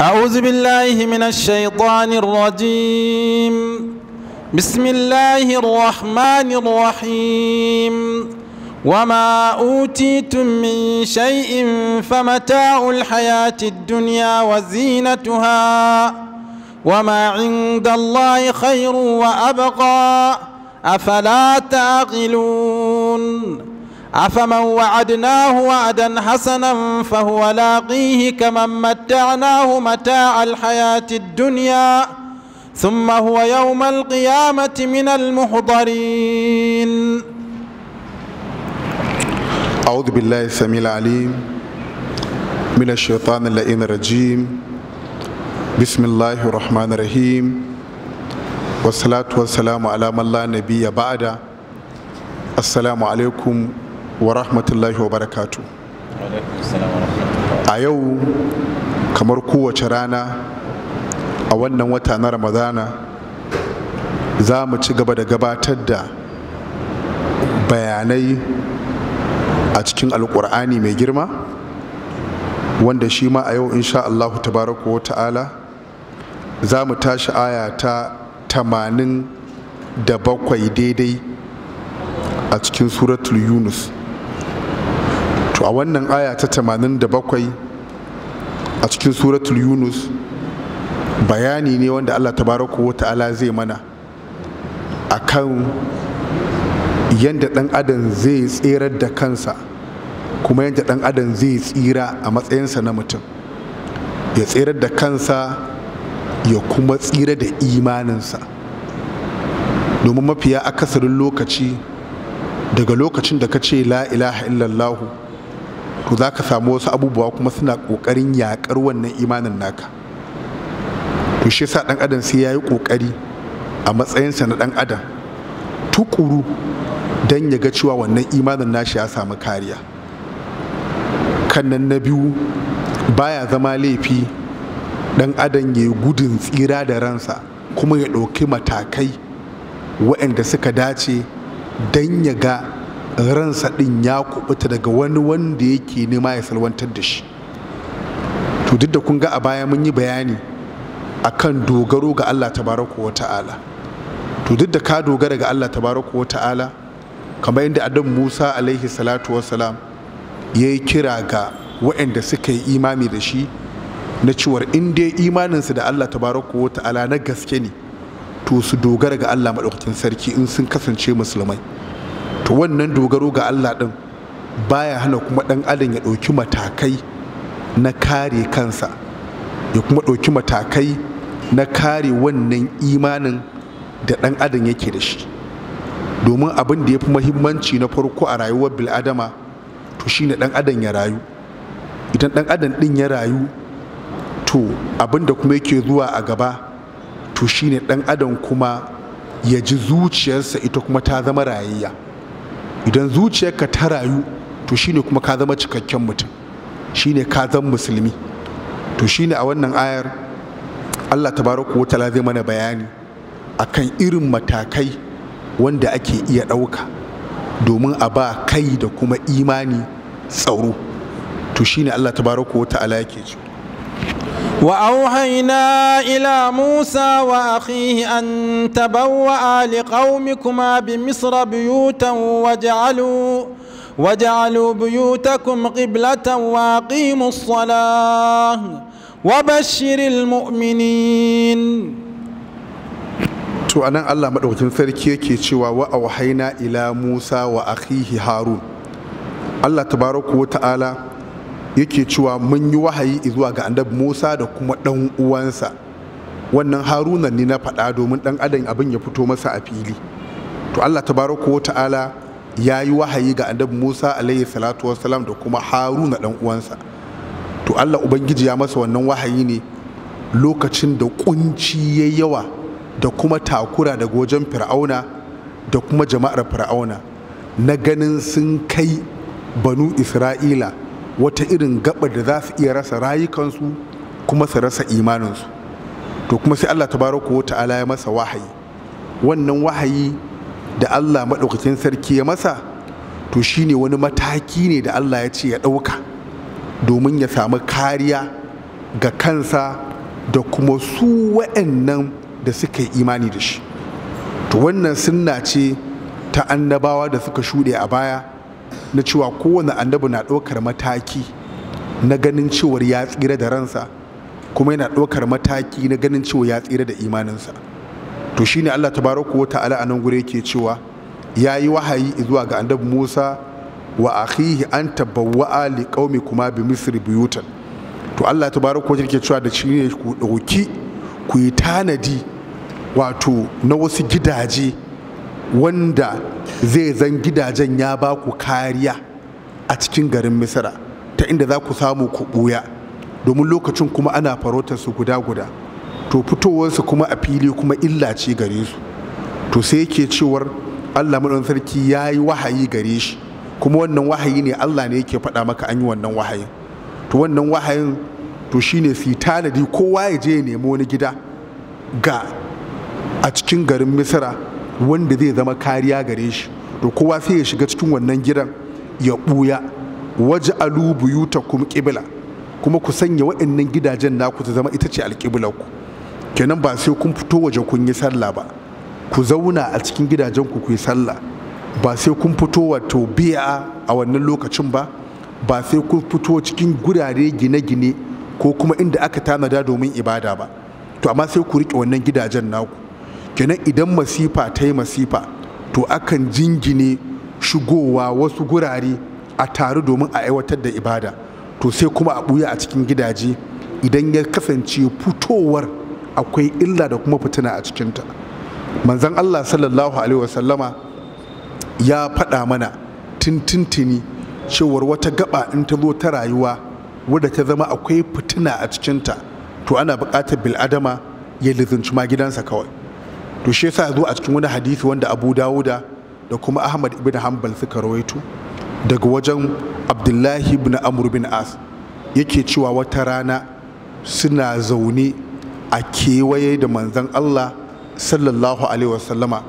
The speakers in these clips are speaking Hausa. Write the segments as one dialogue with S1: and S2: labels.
S1: أعوذ بالله من الشيطان الرجيم بسم الله الرحمن الرحيم وما أوتيتم من شيء فمتاع الحياة الدنيا وزينتها وما عند الله خير وأبقى أفلا تعقلون أفمن وعدناه وعدا حسنا فهو لاقيه كمن متعناه متاع الحياة الدنيا ثم هو يوم القيامة من المحضرين
S2: أعوذ بالله السميع العليم من الشيطان اللئيم الرجيم بسم الله الرحمن الرحيم والصلاة والسلام على من لا نبي بعد السلام عليكم wa rahmatullahi wa barakatu a yau kamar kowace rana a wannan wata na ramadana za mu ci gaba da gabatar da bayanai a cikin alkur'ani mai girma wanda shi ma a yau insha Allahu tabaraku wa ta'ala za mu tashi aya ta tamanin da bakwai daidai a cikin suratul yunus a wannan aya ta tamanin da 87 a cikin suratul yunus bayani ne wanda allah tabaraka wa ta'ala zai mana kan yadda dan adam zai tserar da kansa kuma yadda dan adam zai tsira a matsayinsa na mutum ya tserar da kansa ya kuma tsira da imaninsa domin mafiya akasarin lokaci daga lokacin da ka ce la ilaha illallahu to za ka samu wasu abubuwa kuma suna ƙoƙarin yaƙar wannan imanin naka to shi sa ɗan adam sai ya yi ƙoƙari a matsayinsa na ɗan adam tukuru don ya ga cewa wannan imanin nashi ya samu kariya kan nan na biyu baya zama laifi ɗan adam ya yi gudun tsira da ransa kuma ya ɗauki matakai waɗanda suka dace don ya ga ransa ɗin ya kubuta daga wani wanda yake nema ya salwantar da shi to duk da kun ga a baya mun yi bayani akan dogaro ga Allah tabaraka wa ta'ala to duk da ka dogara ga Allah tabaraka wa ta'ala kamar yadda adam Musa alaihi salatu salam ya yi kira ga waɗanda suka yi imani da shi na cewar in dai imaninsu da Allah tabaraka wa ta'ala na gaske ne to su dogara ga Allah maɗaukakin sarki in sun kasance musulmai to wannan dogaro ga Allah ɗin baya hana kuma ɗan adam ya ɗauki matakai na kare kansa ya kuma ɗauki matakai na kare wannan imanin da ɗan adam yake da shi domin abin da ya fi mahimmanci na farko a rayuwar bil'adama to shine ɗan adam ya rayu idan ɗan adam ɗin ya rayu to abin da kuma yake zuwa a gaba to shine ɗan adam kuma ya ji zuciyarsa ita kuma ta zama rayayya idan zuciyarka ta rayu to shine kuma ka zama cikakken mutum shine ka zama musulmi to shine a wannan ayar Allah tabaraka wataala zai mana bayani akan irin matakai wanda ake iya ɗauka domin a ba kai da kuma imani
S1: tsaro to
S2: shine Allah tabaraka wataala yake cewa
S1: وأوحينا إلى موسى وأخيه أن تبوأ لقومكما بمصر بيوتا واجعلوا واجعلوا بيوتكم قبلة وأقيموا الصلاة وبشر المؤمنين
S2: to anan Allah madaukakin sarki yake cewa wa auhaina ila Musa wa akhihi Harun Allah tabaraka wa ta'ala yake cewa mun yi wahayi zuwa ga annabi musa da kuma ɗan uwansa wannan haruna ne na faɗa domin ɗan adam abin ya fito masa a fili to allah tabaraka wa ta'ala ya yi wahayi ga annabi musa alayhi salatu wassalam da kuma haruna ɗan uwansa to allah ubangiji ya masa wannan wahayi ne lokacin da kunci ya yawa da kuma takura daga wajen fir'auna da kuma jama'ar fir'auna na ganin sun kai banu isra'ila wata irin gaba da za su iya rasa rayukansu kuma su rasa imaninsu to kuma sai Allah tabaraka wa ta'ala ya masa wahayi wannan wahayi da Allah maɗaukakin sarki ya masa to shine wani mataki ne da Allah ya ce ya ɗauka domin ya samu kariya ga kansa da kuma su wa'annan da suka yi imani da shi to wannan sunna ce ta annabawa da suka shuɗe a baya na cewa kowane annabi na ɗaukar mataki na ganin cewar ya tsira da ransa kuma yana ɗaukar mataki na ganin cewa ya tsira da imaninsa to shine Allah Ta wa wata nan gure yake cewa ya yi wahayi zuwa ga annabi Musa wa akhihi an tabawwa'a li kuma bi misri buyutan to Allah tabaraka wata yake cewa da shi ne ku dauki ku yi tanadi wato na wasu gidaje wanda zai zan gidajen ya ba ku kariya a cikin garin misira ta inda za ku samu ku ɓuya domin lokacin kuma ana farautar su guda-guda to fitowarsu kuma a fili kuma illa ce gare su to sai yake cewar allah maɗan sarki ya yi wahayi gare shi kuma wannan wahayi ne allah ne yake faɗa maka an yi wannan wahayin to wannan wahayin to shine su tanadi kowa ya je ya nemi wani gida ga a cikin garin misira wanda zai zama kariya gare shi to kowa sai ya shiga cikin wannan gidan ya buya waje alu buyuta kuma ƙibla kuma ku sanya waɗannan gidajen naku ta zama ita ce ku. kenan ba sai kun fito waje kun yi sallah ba ku zauna a cikin gidajenku ku yi sallah ba sai kun fito wato biya a wannan lokacin ba ba sai kun fito cikin gurare gine-gine ko kuma inda aka tanada domin ibada ba to amma sai ku riƙe wannan gidajen naku kenan idan masifa ta yi masifa to akan jingine shigowa wasu gurare a taru domin a aiwatar da ibada to sai kuma a buya a cikin gidaje idan ya kasance fitowar akwai illa da kuma fitina a cikinta manzan allah sallallahu alaihi wasallama ya faɗa mana tintintini cewar wata gaba in ta zo ta rayuwa wadda ta zama akwai fitina a cikinta to ana buƙatar bil'adama ya lizinci ma gidansa kawai to shi yasa zo a cikin wani hadisi wanda abu dawuda da kuma ahmad ibn hanbal suka rawaito daga wajen abdullahi ibn amr bin as yake cewa wata rana suna zaune a kewaye da manzan allah sallallahu alaihi wasallama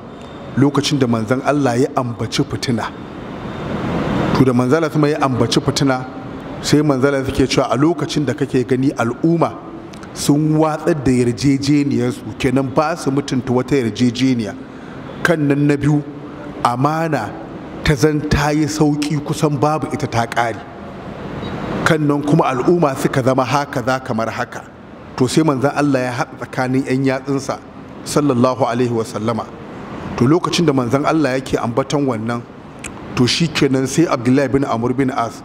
S2: lokacin da manzan allah ya ambaci fitina to da manzala kuma ya ambaci fitina sai manzala suke cewa a lokacin da kake gani al'umma sun watsar da yarjejeniyar su kenan ba su mutunta wata yarjejeniya kan nan na biyu amana ta zan ta yi sauƙi kusan babu ita ta ƙare kan nan kuma al'umma suka zama haka za kamar haka to sai manzan Allah ya haɗa tsakanin 'yan yatsunsa sallallahu alaihi wasallama to lokacin da manzan Allah yake ambaton wannan to shi kenan sai abdullahi bin amur bin as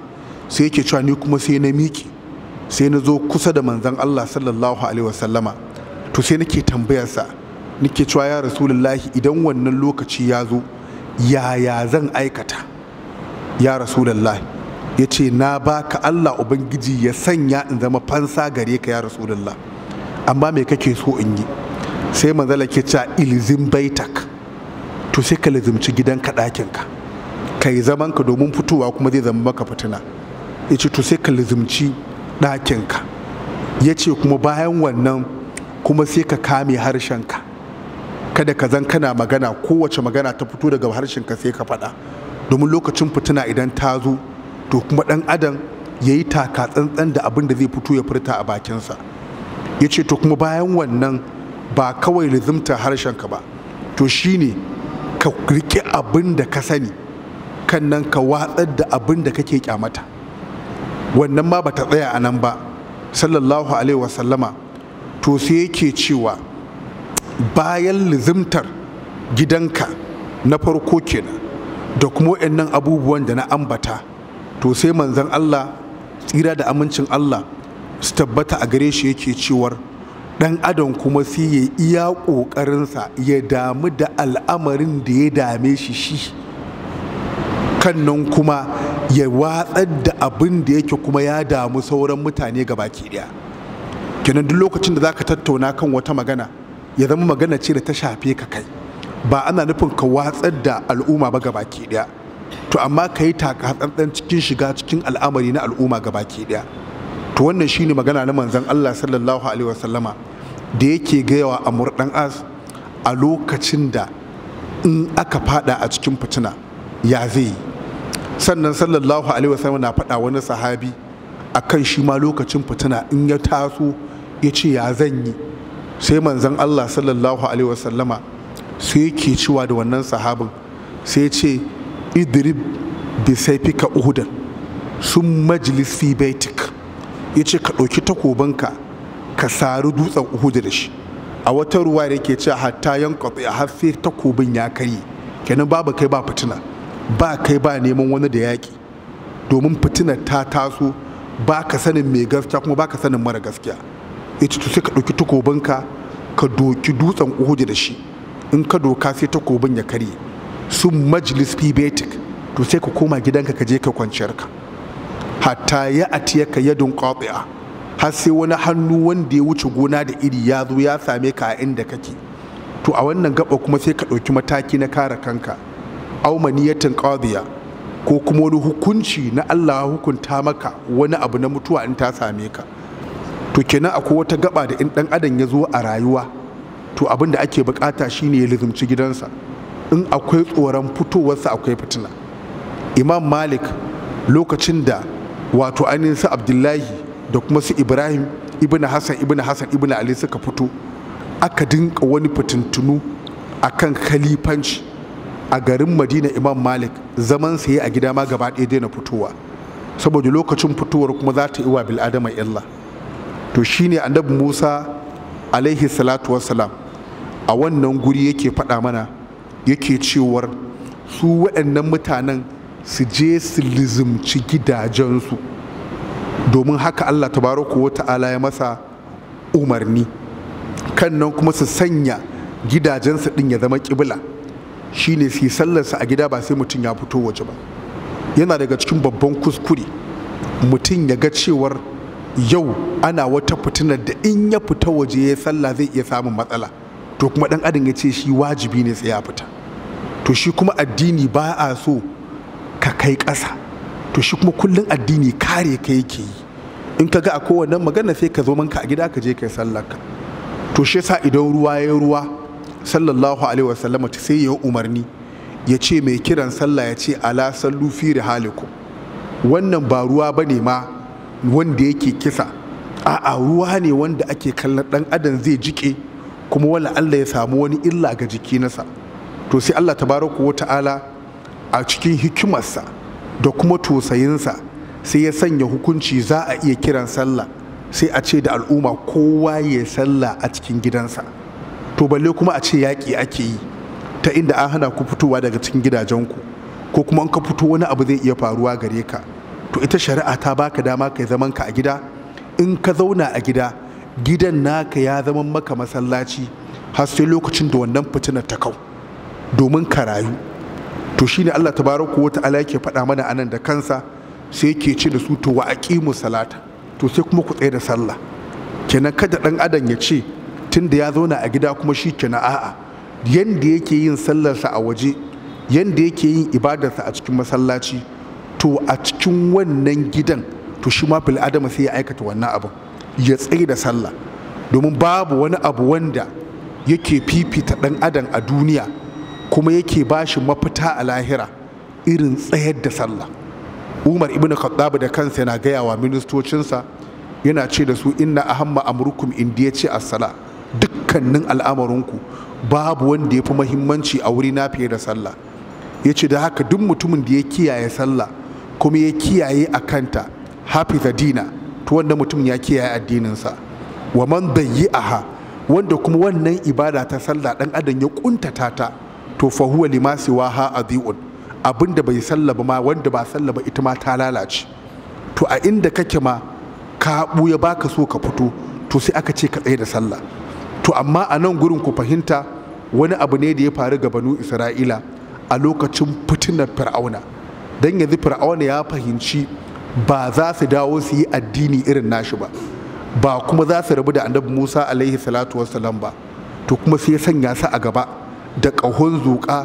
S2: sai yake cewa ni kuma sai na miki sai na zo kusa da manzan Allah sallallahu alaihi wasallama to sai nake tambayarsa nake cewa ya rasulullahi idan wannan lokaci ya zo yaya zan aikata ya rasulullahi ya ce na baka Allah ubangiji ya sanya in zama fansa gare ka ya rasulullah amma me kake so in yi sai manzala ke cewa ilzim baitak to sai ka lazimci gidanka ɗakinka ka yi zamanka domin fitowa kuma zai zama maka fitina ya ce to sai ka lizimci. ɗakinka ya ce kuma bayan wannan kuma sai ka kame harshenka kada ka zan kana magana kowace magana ta fito daga harshenka sai ka faɗa domin lokacin fitina idan ta zo to kuma ɗan adam ya yi taka tsantsan da abin da zai fito ya furta a bakinsa ya ce to kuma bayan wannan ba kawai lizimta harshenka ba to shine ka riƙe abin da ka sani kannan ka watsar da abin da kake kyamata wannan ma bata tsaya a nan ba sallallahu alaihi wasallama to sai yake cewa bayan lizimtar gidanka na farko kenan da kuma wa'annan abubuwan da na ambata to sai manzon Allah tsira da amincin Allah su tabbata a gare shi yake cewar dan adam kuma sai ya iya ƙoƙarinsa ya damu da al'amarin da ya dame shi shi kan kuma ya watsar da abin da yake kuma ya damu sauran mutane ga baki daya kenan duk lokacin da za ka tattauna kan wata magana ya zama magana ce da ta shafe ka kai ba ana nufin ka watsar da al'umma ba ga baki daya to amma ka yi takatsantsan cikin shiga cikin al'amari na al'umma ga baki daya to wannan shine magana na manzon Allah sallallahu alaihi wasallama da yake gayawa a murdan as a lokacin da in aka fada a cikin fitina ya zai yi sannan sallallahu alaihi wasallam na faɗa wani sahabi akan shi ma lokacin fitina in ya taso ya ce ya zan yi sai manzon Allah sallallahu alaihi wasallama sai yake cewa da wannan sahabin sai ce idrib bi saifika uhudan sun majlis fi baitik ya ce ka ɗauki takobanka ka sari dutsen uhud da shi a wata ruwa da ke ce hatta yan kwafi har sai takobin ya karye kenan babu kai ba fitina ba kai ba neman wani da yaƙi domin fitinar ta taso ba ka sanin mai gaskiya kuma ba ka sanin mara gaskiya Ita to sai ka ɗauki takobinka ka doki dutsen uhudu da shi in ka doka sai takobin ya karye sun majalis fibetik to sai ka koma gidanka ka je ka kwanciyar ka hatta ya atiya ka yadin qati'a har sai wani hannu wanda ya wuce gona da iri ya zo ya same ka a inda kake to a wannan gaba kuma sai ka ɗauki mataki na kare kanka aumaniyatin ya qadiya ko kuma wani hukunci na Allah hukunta maka wani abu na mutuwa in ta same ka to kenan akwai wata gaba da in dan adam ya zo a rayuwa to abin da ake bukata shine ya lizumci gidansa in akwai tsoron fitowarsa akwai fitina imam malik lokacin da wato ainihin su abdullahi da kuma su ibrahim ibn hassan ibn hassan ibn ali suka fito aka dinka wani fitintunu akan khalifanci a garin madina imam malik zaman sai a gida ma gaba ɗaya daina fitowa saboda lokacin fitowar kuma za ta yi wa bil'adama illa to shine annabi musa alaihi salatu wassalam a wannan guri yake faɗa mana yake cewar su waɗannan mutanen su je su lizimci gidajensu domin haka allah tabaraku wa ta'ala ya masa umarni kan nan kuma su sanya gidajensu ɗin ya zama ƙibla shine su yi sallarsa a gida ba sai mutum ya fito waje ba yana daga cikin babban kuskure mutum ya ga cewar yau ana wata fitinar da in ya fita waje ya sallah zai iya samun matsala to kuma dan adam ya ce shi wajibi ne sai ya fita to shi kuma addini ba a so ka kai ƙasa to shi kuma kullum addini kare ka yake yi in ka ga a kowanne magana sai ka zo manka a gida ka je kai sallar ka to shi sa idan ruwa ya ruwa sallallahu alaihi wasallama sai ya umarni ya ce mai kiran sallah ya ce ala sallu fi rihalikum wannan ba ruwa ba ne ma wanda yake kisa a'a ruwa ne wanda ake kallon dan adam zai jike kuma wala Allah ya samu wani illa ga jiki nasa to sai Allah tabaraka wa ta'ala a cikin hikimarsa da kuma tosayinsa sai ya sanya hukunci za a iya kiran sallah sai a ce da al'umma kowa ya sallah a cikin gidansa to balle kuma a ce yaƙi ake yi ta inda an hana ku fitowa daga cikin gidajenku ko kuma an ka fito wani abu zai iya faruwa gare ka to ita shari'a ta baka dama kai zaman ka a gida in ka zauna a gida gidan naka ya zama maka masallaci har sai lokacin da wannan fitinar ta kau domin ka rayu to shine Allah tabaraka wa ta'ala yake faɗa mana anan da kansa sai yake ce da su to wa aqimu salata to sai kuma ku tsaye da sallah kenan kada ɗan adam ya ce tun da ya zauna a gida kuma shi kina a'a yanda yake yin sallarsa a waje yanda yake yin ibadarsa a cikin masallaci to a cikin wannan gidan to shi ma fil adama sai ya aikata wannan abu. ya tsaye da sallah domin babu wani abu wanda yake fifita dan adam a duniya kuma yake ba shi mafita a lahira irin tsayar da sallah umar ibn khattab da kansa yana gaya wa ministocinsa yana ce da su inna ahamma amrukum indiya ce as-sala dukkanin al'amarinku babu wanda ya fi mahimmanci a wuri na fiye da sallah ya ce da haka duk mutumin da ya kiyaye sallah kuma ya kiyaye a kanta hafiza dina to wanda mutum ya kiyaye addininsa wa man aha wanda kuma wannan ibada ta sallah dan adam ya kuntata ta to fa huwa lima a adhiun abinda bai sallah ba ma wanda ba sallah ba ita ma ta lalace to a inda kake ma ka buya baka so ka fito to sai aka ce ka tsaye da sallah to amma a nan gurin ku fahimta wani abu ne da ya faru ga banu isra'ila a lokacin fitinar fir'auna don yanzu fir'auna ya fahimci ba za su dawo su yi addini irin nashi ba ba kuma za su rabu da annabi musa alaihi salatu wassalam ba to kuma sai sanya su a gaba da ƙahon zuƙa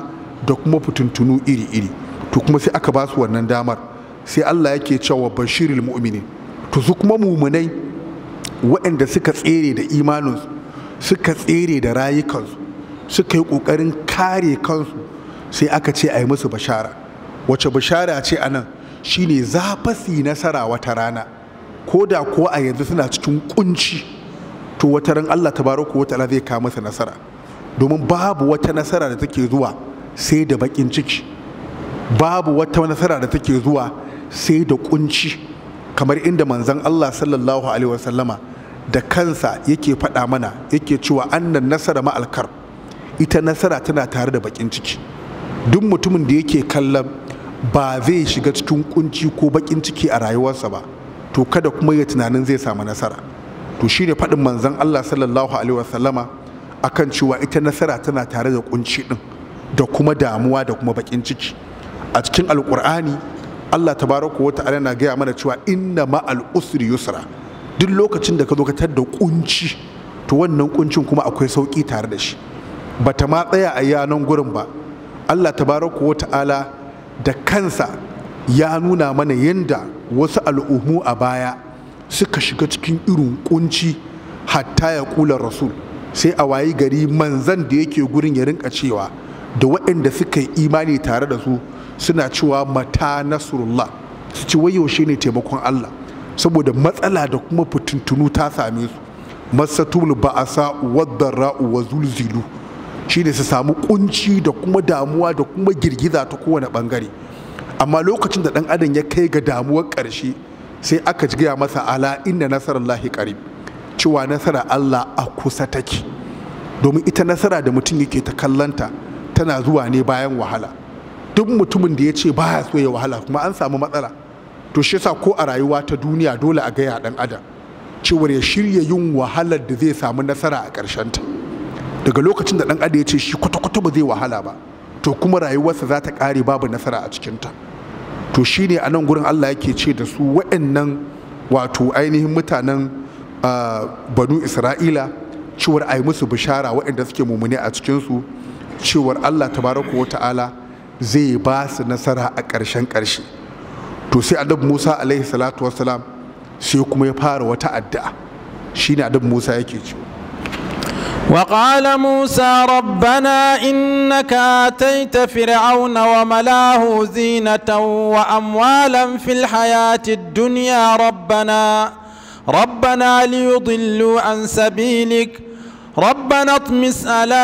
S2: da kuma fitintunu iri-iri to kuma sai aka ba su wannan damar sai allah yake cewa bashirul mu'minin to su kuma mumunai waɗanda suka tsere da imaninsu suka tsere da rayukansu suka yi ƙoƙarin kare kansu sai aka ce a yi musu bashara wace bashara ce a nan shine za fasi nasara wata rana ko da kuwa a yanzu suna cikin kunci to wata ran Allah Ta wata ta'ala zai kawo masa nasara domin babu wata nasara da take zuwa sai da bakin ciki babu wata nasara da take zuwa sai da kunci kamar inda manzon Allah sallallahu alaihi wasallama da kansa yake faɗa mana yake cewa annan nasara ma'alkar ita nasara tana tare da bakin ciki duk mutumin da yake kallon ba zai shiga cikin kunci ko bakin ciki a rayuwarsa ba to kada kuma ya tunanin zai samu nasara to shine faɗin manzon Allah sallallahu alaihi wasallama akan cewa ita nasara tana tare da kunci din da kuma damuwa da kuma bakin ciki a cikin alkur'ani Allah tabaraka wa ta'ala na gaya mana cewa inna ma'al usri yusra duk lokacin da ka zo ka tar da kunci to wannan kuncin kuma akwai sauki tare da shi bata ma tsaya a yanan gurin ba Allah tabaraka wa ta'ala da kansa ya nuna mana yadda wasu al'ummu a baya suka shiga cikin irin kunci hatta ya kula rasul sai a wayi gari manzan da yake gurin ya rinka cewa da waɗanda suka yi imani tare da su suna cewa mata nasrullah su ci wai yaushe ne taimakon Allah saboda matsala da kuma fitintunu ta same su masatul sa wadda ra'u wa zulzilu ne su samu kunci da kuma damuwa da kuma girgiza ta kowane bangare amma lokacin da dan adam ya kai ga damuwar karshe sai aka ji gaya masa ala inna Lahi qarib cewa nasara Allah a kusa take domin ita nasara da mutum yake ta kallanta tana zuwa ne bayan wahala duk mutumin da ya ce baya so ya wahala kuma an samu matsala to shi yasa ko a rayuwa ta duniya dole a gaya dan adam cewar ya shirya yin wahalar da zai samu nasara a ƙarshen ta daga lokacin da dan adam ya ce shi kwata-kwata ba zai wahala ba to kuma rayuwarsa za ta ƙare babu nasara a cikinta to shi ne a nan gurin allah yake ce da su waɗannan wato ainihin mutanen banu isra'ila cewar a yi musu bishara waɗanda suke mummune a cikin su cewar allah tabaraka wa ta'ala zai ba su nasara a ƙarshen ƙarshe to sai annabi Musa alaihi salatu wassalam sai kuma ya fara wata addu'a shine annabi Musa yake cewa
S1: وقال موسى ربنا إنك آتيت فرعون وملاه زينة وأموالا في الحياة الدنيا ربنا ربنا ليضلوا عن سبيلك ربنا اطمس على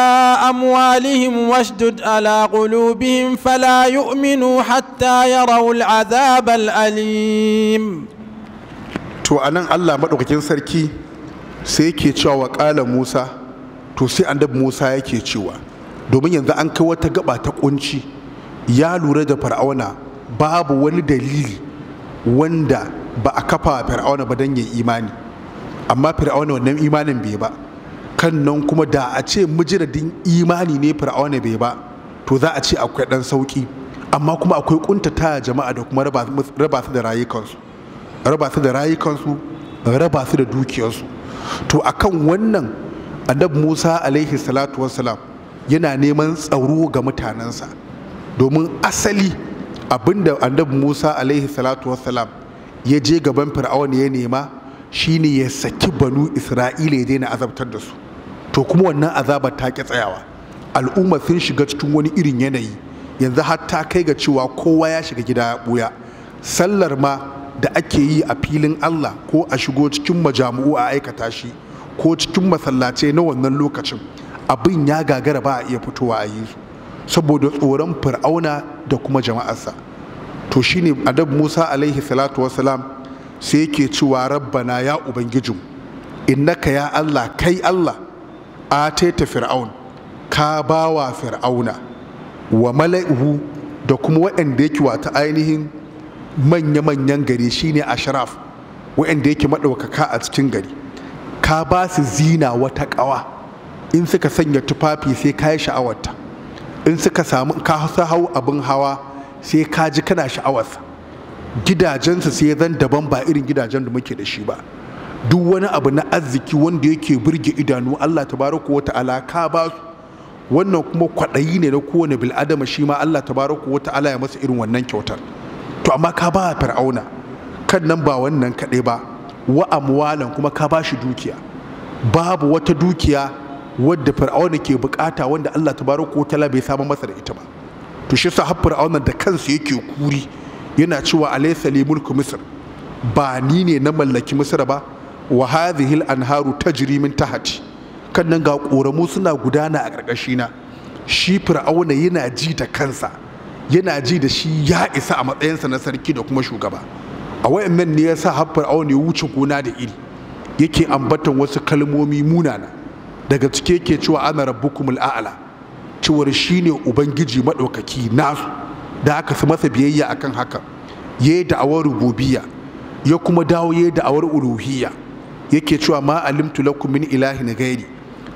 S1: أموالهم واشدد على قلوبهم فلا يؤمنوا حتى يروا العذاب الأليم to anan Allah madaukakin sarki sai yake cewa wa
S2: Musa to sai annabi Musa yake cewa domin yanzu an kai wata gaɓa ta kunci ya lura da fir'auna babu wani dalili wanda ba a kafa fir'auna ba dan yin imani amma fir'auna wannan imanin bai ba kan nan kuma da a ce mujiradin imani ne fir'auna bai ba to za a ce akwai ɗan sauki amma kuma akwai ƙuntata jama'a da kuma raba su da rayukansu raba su da rayukansu raba su da dukiyarsu to akan wannan annabi musa alaihi salatu wassalam yana neman tsaro ga mutanensa domin asali abinda annabi musa alaihi salatu wassalam ya je gaban fir'auna ya nema shine ya saki banu isra'ila ya daina azabtar da su to kuma wannan azabar ta ƙi tsayawa al'umma sun shiga cikin wani irin yanayi yanzu har ta kai ga cewa kowa ya shiga gida ya buya sallar ma da ake yi a filin allah ko a shigo cikin majamu'u a aikata shi ko cikin masallacai na wannan lokacin abin ya gagara ba a iya fitowa a yi saboda tsoron fir'auna da kuma jama'arsa to shine adab musa alaihi salatu wasalam sai yake cewa rabbana ya ubangijin innaka ya allah kai allah ateta fir'aun ka ba wa fir'auna wa mala'ihu da kuma waɗanda yake wata ainihin manya-manyan gari shine ashraf waɗanda yake maɗaukaka a cikin gari ka ba su zina wata ƙawa in suka sanya tufafi sai ka yi sha'awarta in suka samu ka hau abin hawa sai ka ji kana sha'awarsa gidajensu sai zan daban ba irin gidajen da muke da shi ba duk wani abu na arziki wanda yake birge idanu Allah tabaraka wa ta'ala ka ba su wannan kuma kwaɗayi ne na kowane bil'adama shi ma Allah tabaraka wa ta'ala ya masa irin wannan kyautar to amma ka ba fir'auna kan nan ba wannan kaɗai ba wa amwalan kuma ka ba shi dukiya babu wata dukiya wadda fir'auna ke bukata wanda Allah tabaraka wa ta'ala bai samu masa da ita ba to shi sa fir'auna da kansa yake kuri yana cewa alaysa li mulku misr ba ni ne na mallaki misr ba wa hadhihi al-anharu tajri min tahti kan nan ga koramu suna gudana a karkashi na shi fir'auna yana ji da kansa yana ji da shi ya isa a matsayinsa na sarki da kuma shugaba a wayannan ne yasa har fir'auna ya wuce gona da iri yake ambatan wasu kalmomi munana daga cike yake cewa ana al a'la cewar shine ubangiji madaukaki, nasu da aka su masa biyayya akan haka yayi da'awar rububiyya ya kuma dawo yayi da'awar uluhiyya yake cewa ma alimtu lakum min ilahi na gairi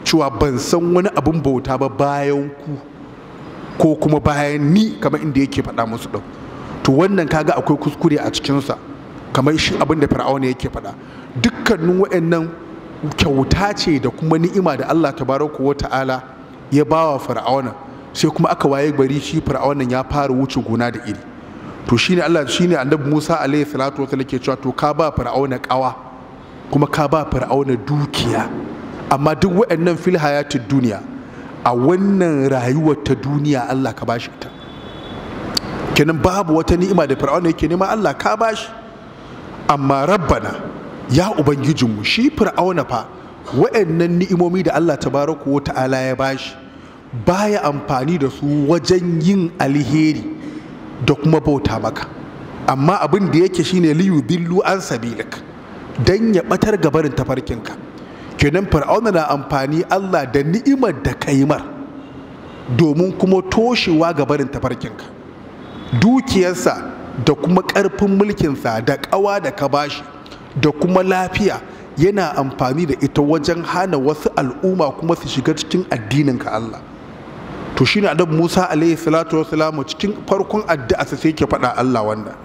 S2: cewa ban san wani abin bauta ba bayan ku ko kuma bayan ni kamar inda yake faɗa musu ɗau to wannan kaga akwai kuskure a cikinsa kamar shi abin da fir'auna yake faɗa dukkanin waɗannan kyauta ce da kuma ni'ima da Allah tabaraka wa ta'ala ya bawa fir'auna sai kuma aka waye bari shi fir'auna ya fara wuce gona da iri to shine Allah shine annabi Musa alaihi salatu wasallam ke cewa to ka ba fir'auna kawa kuma ka ba fir'auna dukiya amma duk waannan fil hayatid duniya a wannan rayuwa ta duniya Allah ka bashi ta kenan babu wata ni'ima da fir'auna yake nema Allah ka bashi amma rabbana ya ubangijinmu shi fir'auna fa waɗannan ni'imomi da Allah baraku wa ta'ala ya bashi baya amfani da su wajen yin alheri da kuma bauta maka amma abin da yake shine liyu billu an sabilika don ya batar gabarin tafarkinka kenan fir'auna na amfani Allah da ni'imar da kaimar domin kuma toshewa gabarin tafarkinka dukiyarsa da kuma ƙarfin mulkinsa da ƙawa da ka bashi da kuma lafiya yana amfani da ita wajen hana wasu al'umma kuma su shiga cikin addininka Allah to shine adab Musa alaihi salatu cikin farkon addu'a sai ke faɗa Allah wannan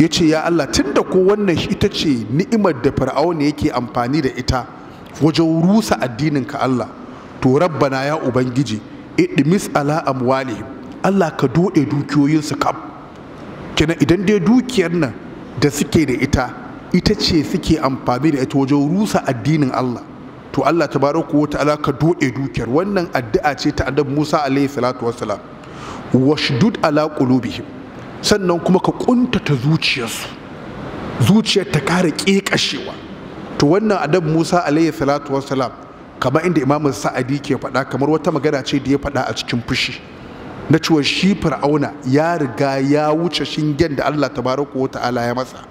S2: ya ce ya Allah da ko wannan ita ce ni'imar da ne yake amfani da ita wajen rusa addinin ka Allah to rabbana ya ubangiji idmis ala amwalihim Allah ka dode dukiyoyinsu kaf Kina idan dai dukiyar nan da suke da ita ita ce suke amfani da ita wajen rusa addinin Allah to Allah tabaraka wa ta'ala ka dode dukiyar wannan addu'a ce ta annabi Musa alaihi salatu wassalam washdud ala qulubihim sannan kuma ka kuntata zuciyarsu zuciyar ta ƙara kashewa. to wannan adab musa alayhi salatu wassalam kamar inda imamin sa'adi ke faɗa kamar wata magana ce da ya faɗa a cikin fushi na cewa shi fir'auna ya riga ya wuce shingen da allah tabaraka wa ta'ala ya matsa,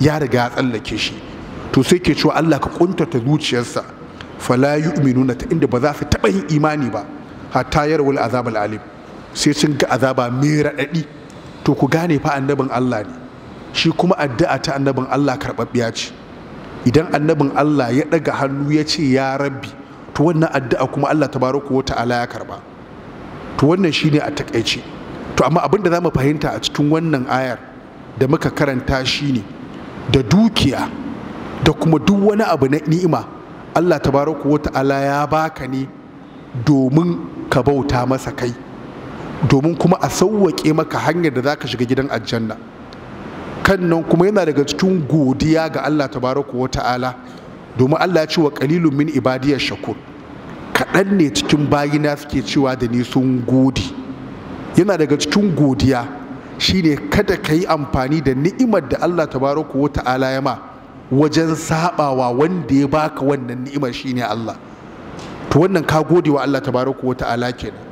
S2: ya riga ya tsallake shi to sai ke cewa allah ka kuntata zuciyarsa fala yu'minuna ta inda ba za su taɓa yin imani ba hatta yarwal azabal alim sai sun ga azaba mai raɗaɗi to ku gane fa annabin Allah ne shi kuma addu'a ta annabin Allah karɓaɓɓiya ce idan annabin Allah ya ɗaga hannu ya ce ya rabbi to wannan addu'a kuma Allah tabaraka wa ta'ala ya karɓa to wannan shi ne a takaice to amma abin da zamu fahimta a cikin wannan ayar da muka karanta shi ne da dukiya da kuma duk wani abu na ni'ima Allah tabaraka wa ta'ala ya baka ne domin ka bauta masa kai domin kuma a sauwaƙe maka hanyar da za ka shiga gidan aljanna kan nan kuma yana daga cikin godiya ga Allah tabaraka wa ta'ala domin Allah ya ce wa ƙalilun min ibadiyar shakur kaɗan ne cikin bayina suke cewa da ni sun gode yana daga cikin godiya shine kada ka yi amfani da ni'imar da Allah tabaraka wa ta'ala ya ma wajen sabawa wanda ya baka wannan ni'imar shine Allah to wannan ka gode wa Allah tabaraka wa ta'ala kenan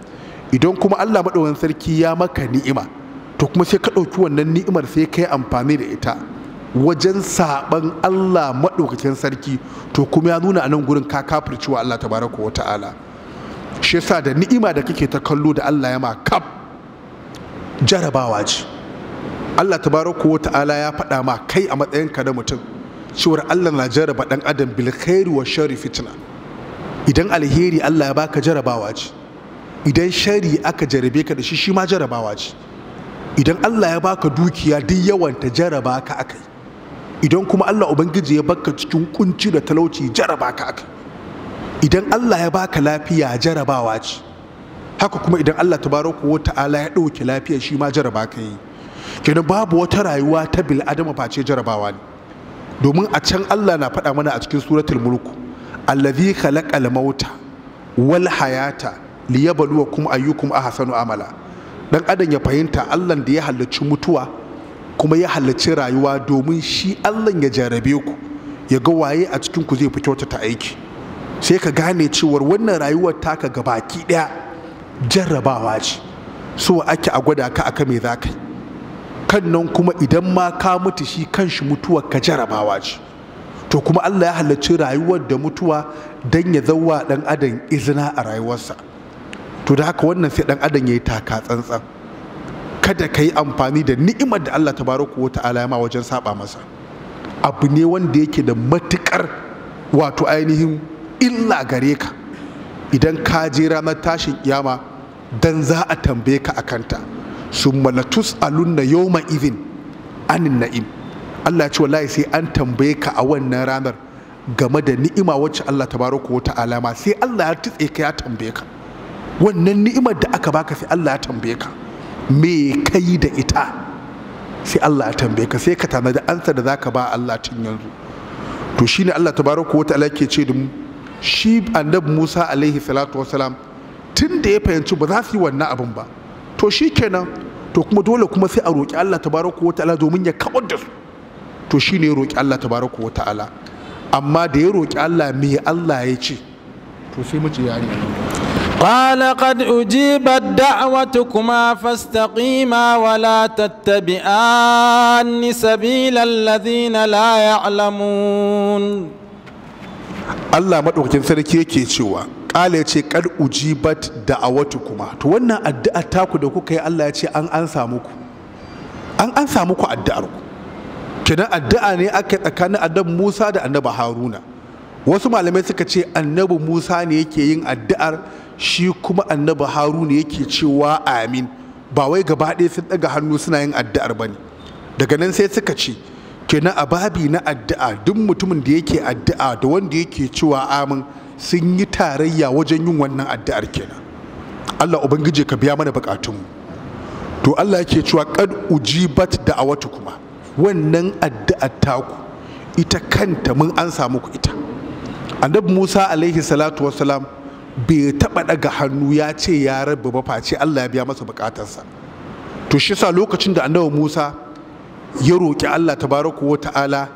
S2: idan kuma Allah maɗaukan sarki ya maka ni'ima to kuma sai ka ɗauki wannan ni'imar sai ka yi amfani da ita wajen saɓan Allah maɗaukakin sarki to kuma ya nuna a nan gurin ka kafirci wa Allah tabaraka wa ta'ala shi yasa da ni'ima da kake ta kallo da Allah ya ma kaf jarabawa ce Allah tabaraka wa ta'ala ya faɗa ma kai a matsayin ka na mutum cewar Allah na jaraba ɗan adam bil wa sharri fitna idan alheri Allah ya baka jarabawa ce idan shari aka jarabe ka da shi shi ma jarabawa ce idan Allah ya baka dukiya duk yawanta jaraba ka akai idan kuma Allah ubangiji ya baka cikin kunci da talauci jaraba ka aka idan Allah ya baka lafiya jarabawa ce haka kuma idan Allah ta wa ta'ala ya ɗauke lafiya shi ma jaraba ka yi kenan babu wata rayuwa ta bil adama face jarabawa ne domin a can Allah na faɗa mana a cikin suratul mulku allazi khalaqal mauta wal hayata kuma ayyukum ahsanu amala dan adam ya fahimta Allah da ya halarci mutuwa kuma ya halarci rayuwa domin shi Allah ya jarabe ku ya ga waye a cikin ku zai fito ta aiki sai ka gane cewar wannan rayuwar taka ga baki daya jarrabawa ce so ake a gwada ka aka mai zakai kan nan kuma idan ma ka mutu shi kanshi mutuwar ka jarrabawa ce to kuma Allah ya halarci rayuwar da mutuwa don ya zauwa dan adam izina a rayuwarsa to da haka wannan sai dan adam yayi taka tsantsan kada ka yi amfani da ni'imar da Allah tabaraka wa ta'ala ya ma wajen saba masa abu ne wanda yake da matukar wato ainihin illa gare ka idan ka je ranar tashin kiyama dan za a tambaye ka akanta summa latus'alunna yawma idhin anin na'im Allah ya ce wallahi sai an tambaye ka a wannan ranar game da ni'ima wacce Allah tabaraka wa ta'ala ma sai Allah ya tutse ka ya tambaye ka wannan ni'imar da aka baka sai Allah ya tambaye ka me kai da ita sai Allah ya tambaye ka sai ka tanadi ansa da zaka ba Allah tun yanzu to shine Allah tabaraka wa ta'ala ke ce da mu shi annabi Musa alaihi salatu wasalam tun da ya fahimci ba za su yi wannan abin ba to shi kenan to kuma dole kuma sai a roƙi Allah tabaraka wa ta'ala domin ya kawar da su to shine ya roƙi Allah tabaraka wa ta'ala amma da ya roƙi Allah me Allah ya ce to sai mu ci yari
S1: قال قد أجيبت دعوتكما فاستقيما ولا تتبعان سبيل الذين لا يعلمون
S2: الله مدوكين سركي yake cewa kala yace kad ujibat da'awatukuma to wannan addu'a taku da kuka yi Allah ya ce an ansa muku an ansa muku addu'ar ku kenan addu'a ne aka tsakanin annabi Musa da annabi Haruna wasu malamai suka ce annabi Musa ne yake yin addu'ar shi kuma annabi haruna yake cewa amin ba wai gaba ɗaya sun ɗaga hannu suna yin addu'ar ba ne daga nan sai suka ce kenan a babi na addu'a duk mutumin da yake addu'a da wanda yake cewa amin sun yi tarayya wajen yin wannan addu'ar kenan Allah ubangiji ka biya mana bukatunmu to Allah yake cewa kan kad ujibat wata kuma wannan addu'ar taku ita kanta mun an samu ku ita annabi Musa alaihi salatu salam. bai taɓa ɗaga hannu ya ce ya rabu ba face Allah ya biya masa bukatarsa to shi sa lokacin da annabi Musa ya roki Allah tabaraka wa ta'ala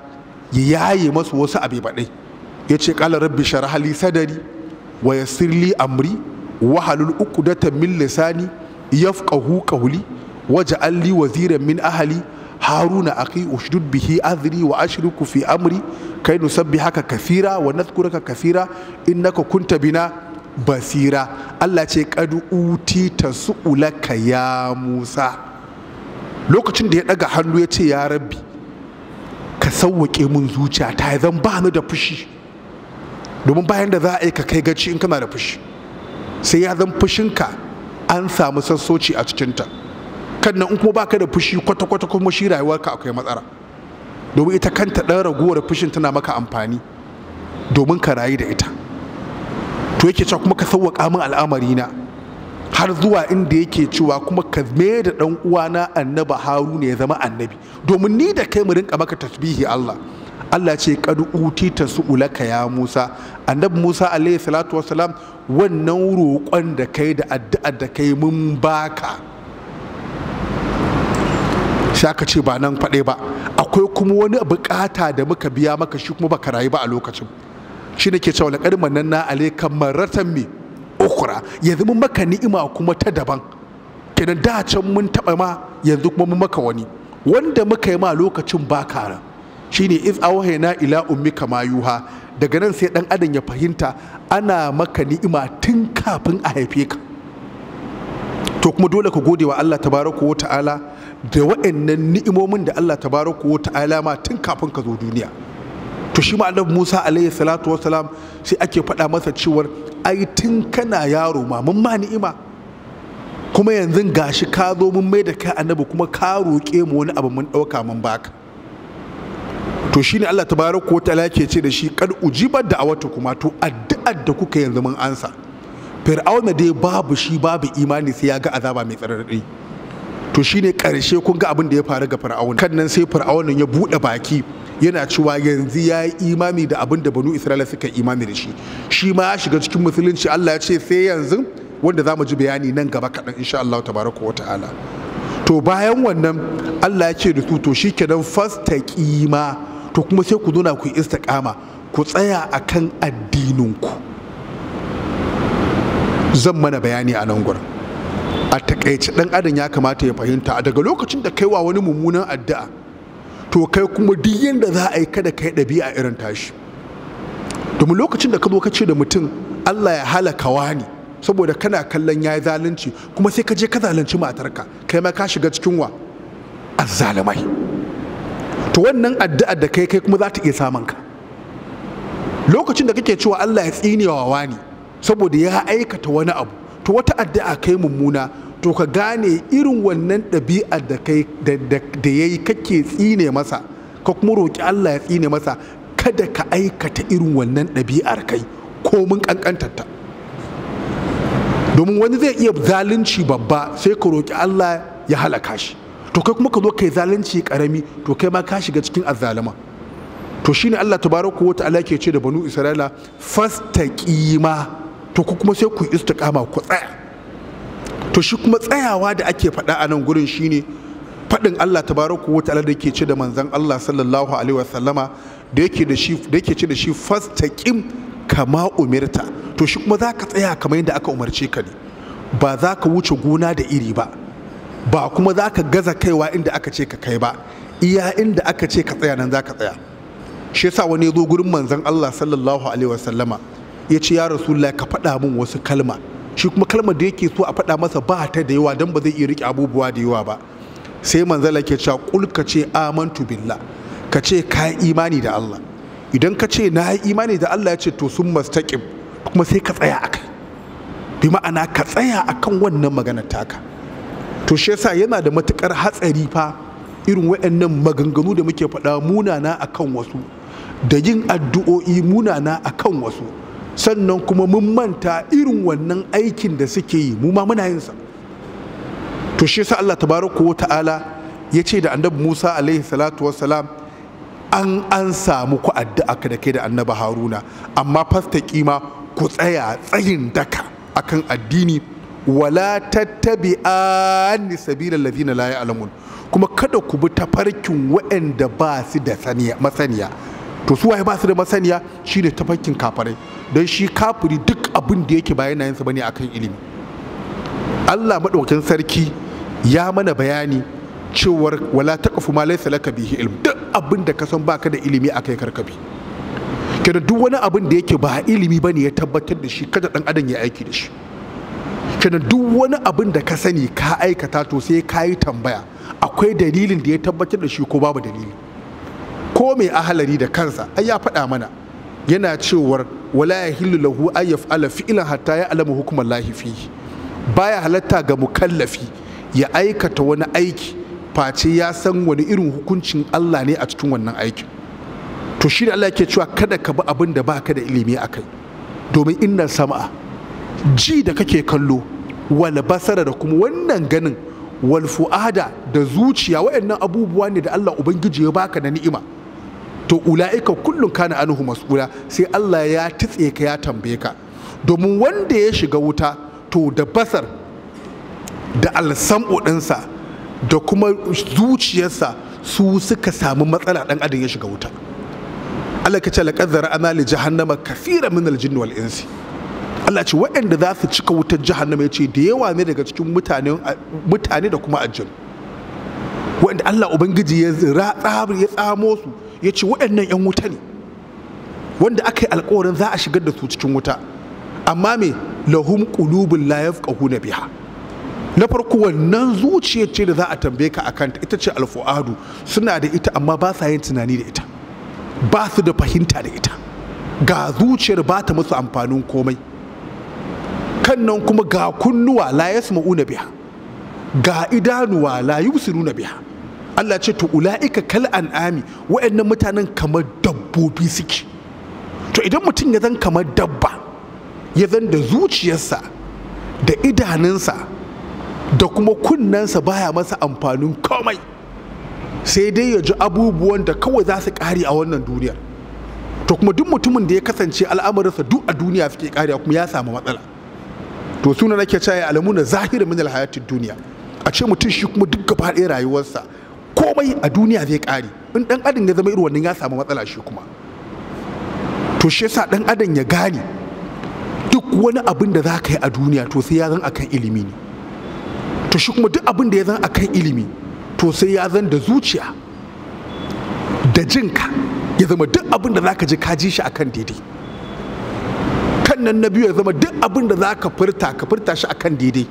S2: ya yaye masa wasu abibaɗai ya ce ƙala rabbi sharah li sadari wa yassir li amri wa halul uqdata min lisani yafqahu qawli waj'al li waziran min ahli haruna aqi ushdud bihi azri wa ashriku fi amri kai nusabbihaka kathira wa nadhkuraka kathira innaka kunta bina basira Allah ce kadu uti ta su'ulaka ya Musa lokacin da ya daga hannu ya ce ya rabbi ka sauwake mun zuciya ta zan ba ni da fushi domin bayan da za a yi ka kai gaci in kana da fushi sai ya zan fushinka an samu sassoci a cikinta kan na in kuma baka da fushi kwata-kwata kuma shi rayuwarka akwai matsala domin ita kanta ɗan raguwar fushin tana maka amfani domin ka rayu da ita to yake cewa kuma ka sauwaƙa min al'amarina har zuwa inda yake cewa kuma ka da ɗan uwana annaba haruna ya zama annabi domin ni da kai mu rinka maka tasbihi Allah Allah ce kad utita su'ulaka ya Musa annabi Musa alaihi salatu wassalam wannan roƙon da kai da addu'ar da kai mun baka shaka ce ba nan faɗe ba akwai kuma wani bukata da muka biya maka shi kuma baka rayu ba a lokacin shi ne ke cewa laƙar na alaika ratan mi ukura yanzu mun maka ni'ima kuma ta daban kenan da can mun taɓa ma yanzu kuma mun maka wani wanda muka yi ma lokacin ba kara shi ne iz auhaina ila kama mayuha daga nan sai dan adam ya fahimta ana maka ni'ima tun kafin a haife ka to kuma dole ka gode wa Allah tabaraka wa ta'ala da wa'annan ni'imomin da Allah tabaraka wa ta'ala ma tun kafin ka zo duniya to shi ma Musa alayhi salatu wasalam sai ake faɗa masa cewar ai tun kana yaro ma mun ma ni'ima kuma yanzu gashi ka zo mun mai da kai annabi kuma ka roƙe mu wani abu mun ɗauka mun baka to shine Allah ta bayar ko ta lake ce da shi uji ujibar da awata kuma to addu'ar da kuka yanzu mun ansa fir'auna dai babu shi babu imani sai ya ga azaba mai tsararri to shine karshe kun ga abin da ya faru ga fir'aun kan nan sai fir'aunin ya bude baki yana cewa yanzu ya yi imami da abin da banu isra'ila suka imami da shi shi ma ya shiga cikin musulunci allah ya ce sai yanzu wanda za mu ji bayani nan gaba kaɗan insha allah tabaraka wa ta'ala to bayan wannan allah ya ce da su to shikenan ƙima, to kuma sai ku zuna ku yi istiqama ku tsaya a kan addininku zan mana bayani a nan gurin a takaice dan adam ya kamata ya fahimta daga lokacin da kaiwa wani mummunan addu'a to kai kuma duk yanda za a yi kada kai ɗabi'a irin tashi domin lokacin da ka zo ka ce da mutum Allah ya halaka wani saboda kana kallon ya yi zalunci kuma sai ka je ka zalunci matarka kai ma ka shiga cikin wa azzalamai to wannan addu'a da kai kai kuma za ta iya samun ka lokacin da kake cewa Allah ya tsinewa wani saboda ya aikata wani abu to wata addu'a kai mummuna to ka gane irin wannan ɗabi'a da kai da yayi kake tsine masa ka kuma roƙi Allah ya tsine masa kada ka aikata irin wannan ɗabi'ar kai ko mun ƙanƙantarta domin wani zai iya zalunci babba sai ka roƙi Allah ya halaka shi to kai kuma ka zo kai zalunci karami to kai ma ka shiga cikin azzaluma to shi ne Allah tabaraka wata ta'ala ke ce da banu Isra'ila ƙima. to ku kuma sai ku istiqama ku tsaya to shi kuma tsayawa da ake faɗa a nan gurin shine faɗin Allah tabaraka wa ta'ala da yake ce da manzon Allah sallallahu alaihi sallama da yake da shi da yake ce da shi fastaqim kama umirta to shi kuma zaka tsaya kamar yadda aka umarce ka ne ba za ka wuce gona da iri ba ba kuma za ka gaza kaiwa inda aka ce ka kai ba iya inda aka ce ka tsaya nan za ka tsaya shi yasa wani ya zo gurin manzon Allah sallallahu alaihi wa sallama. ya ce ya rasu la ka faɗa min wasu kalma shi kuma kalmar da yake so a faɗa masa ba ta da yawa don ba zai iya riƙe abubuwa da yawa ba sai manzala ke cewa kul ka ce amantu billah ka ce ka yi imani da Allah idan ka ce na yi imani da Allah ya ce to sun mastaqim kuma sai ka tsaya akai bi ma'ana ka tsaya akan wannan maganar taka to shi yasa yana da matukar hatsari fa irin waɗannan maganganu da muke faɗa munana akan wasu da yin addu'o'i munana akan wasu sannan kuma mun manta irin wannan aikin da suke yi mu ma muna yinsa to shi yasa Allah tabaraka wa ta'ala ya ce da annabi Musa alaihi salatu wassalam an an samu ku addu'a da kai da annabi Haruna amma ta ƙima ku tsaya tsayin daka akan addini wala an sabila ladina la ya'lamun kuma kada ku bi tafarkin wa'anda ba su da masaniya to su waye ba su da masaniya shine tafakin kafarai don shi kafiri duk abin da yake bayan nayin sa bane akan ilimi Allah madaukakin sarki ya mana bayani cewar wala taqfu ma laysa laka bihi ilm duk abin da ka san baka da ilimi akai karkabi kada duk wani abin da yake ba ilimi bane ya tabbatar da shi kada ɗan adam ya aiki da shi kenan duk wani abin da ka sani ka aikata to sai ka yi tambaya akwai dalilin da ya tabbatar da shi ko babu dalili ko mai ahalari da kansa ai ya faɗa mana yana cewar wala ya hillu lahu an yaf'ala fi'lan hatta ya alamu hukumar lahifi baya halatta ga mukallafi ya aikata wani aiki face ya san wani irin hukuncin Allah ne a cikin wannan aikin to shi da Allah yake cewa kada ka bi abin da baka da ilimi akai domin inna sama'a ji da kake kallo wal basara da kuma wannan ganin wal fu'ada da zuciya waɗannan abubuwa ne da Allah ubangiji ya baka da ni'ima to ula'ika kullum kana anuhu mas'ula sai Allah ya titse ka ya tambaye ka domin wanda ya shiga wuta to da basar da alsam'u ɗinsa da kuma zuciyarsa su suka samu matsala ɗan adam ya shiga wuta Allah ka ce laqad jahannama kathira min al wal insi Allah ce waɗanda za su cika wutar jahannama ya ce da yawa ne daga cikin mutane da kuma ajin waɗanda Allah Ubangiji ya tsamo su ya ce waɗannan 'yan wuta ne wanda aka yi alkawarin za a shigar da su cikin wuta amma me lahum layaf ƙahu na biya. na farko wannan zuciyar ce da za a tambaye ka akan ita ce alfu'adu suna da ita amma ba sa yin tunani da ita ba su da fahimta da ita ga zuciyar ba ta musu amfanin komai kan nan kuma ga kunnuwa la yasma'una biha ga idanuwa la yubsiruna biha Allah ce to ula'ika kal an'ami wa'annan mutanen kamar dabbobi suke to idan mutum ya zan kamar dabba ya zan da zuciyarsa da idanunsa da kuma kunnensa baya masa amfanin komai sai dai ya ji abubuwan da kawai za su kare a wannan duniyar to kuma duk mutumin da ya kasance al'amarinsa duk a duniya suke kare kuma ya samu matsala to suna nake cewa ya na zahirin min alhayatid duniya a ce mutum shi kuma duk gaba ɗaya rayuwarsa komai a duniya zai kare in ɗan adam ya zama irin ya samu matsala shi kuma to shi yasa ɗan adam ya gane duk wani abin da za ka yi a duniya to sai ya zan akan ilimi ne to shi kuma duk abin da ya zan akan ilimi to sai ya zan da zuciya da jinka ya zama duk abin da za ka ji ka ji shi akan daidai kan nan na biyu ya zama duk abin da za ka furta ka furta shi akan daidai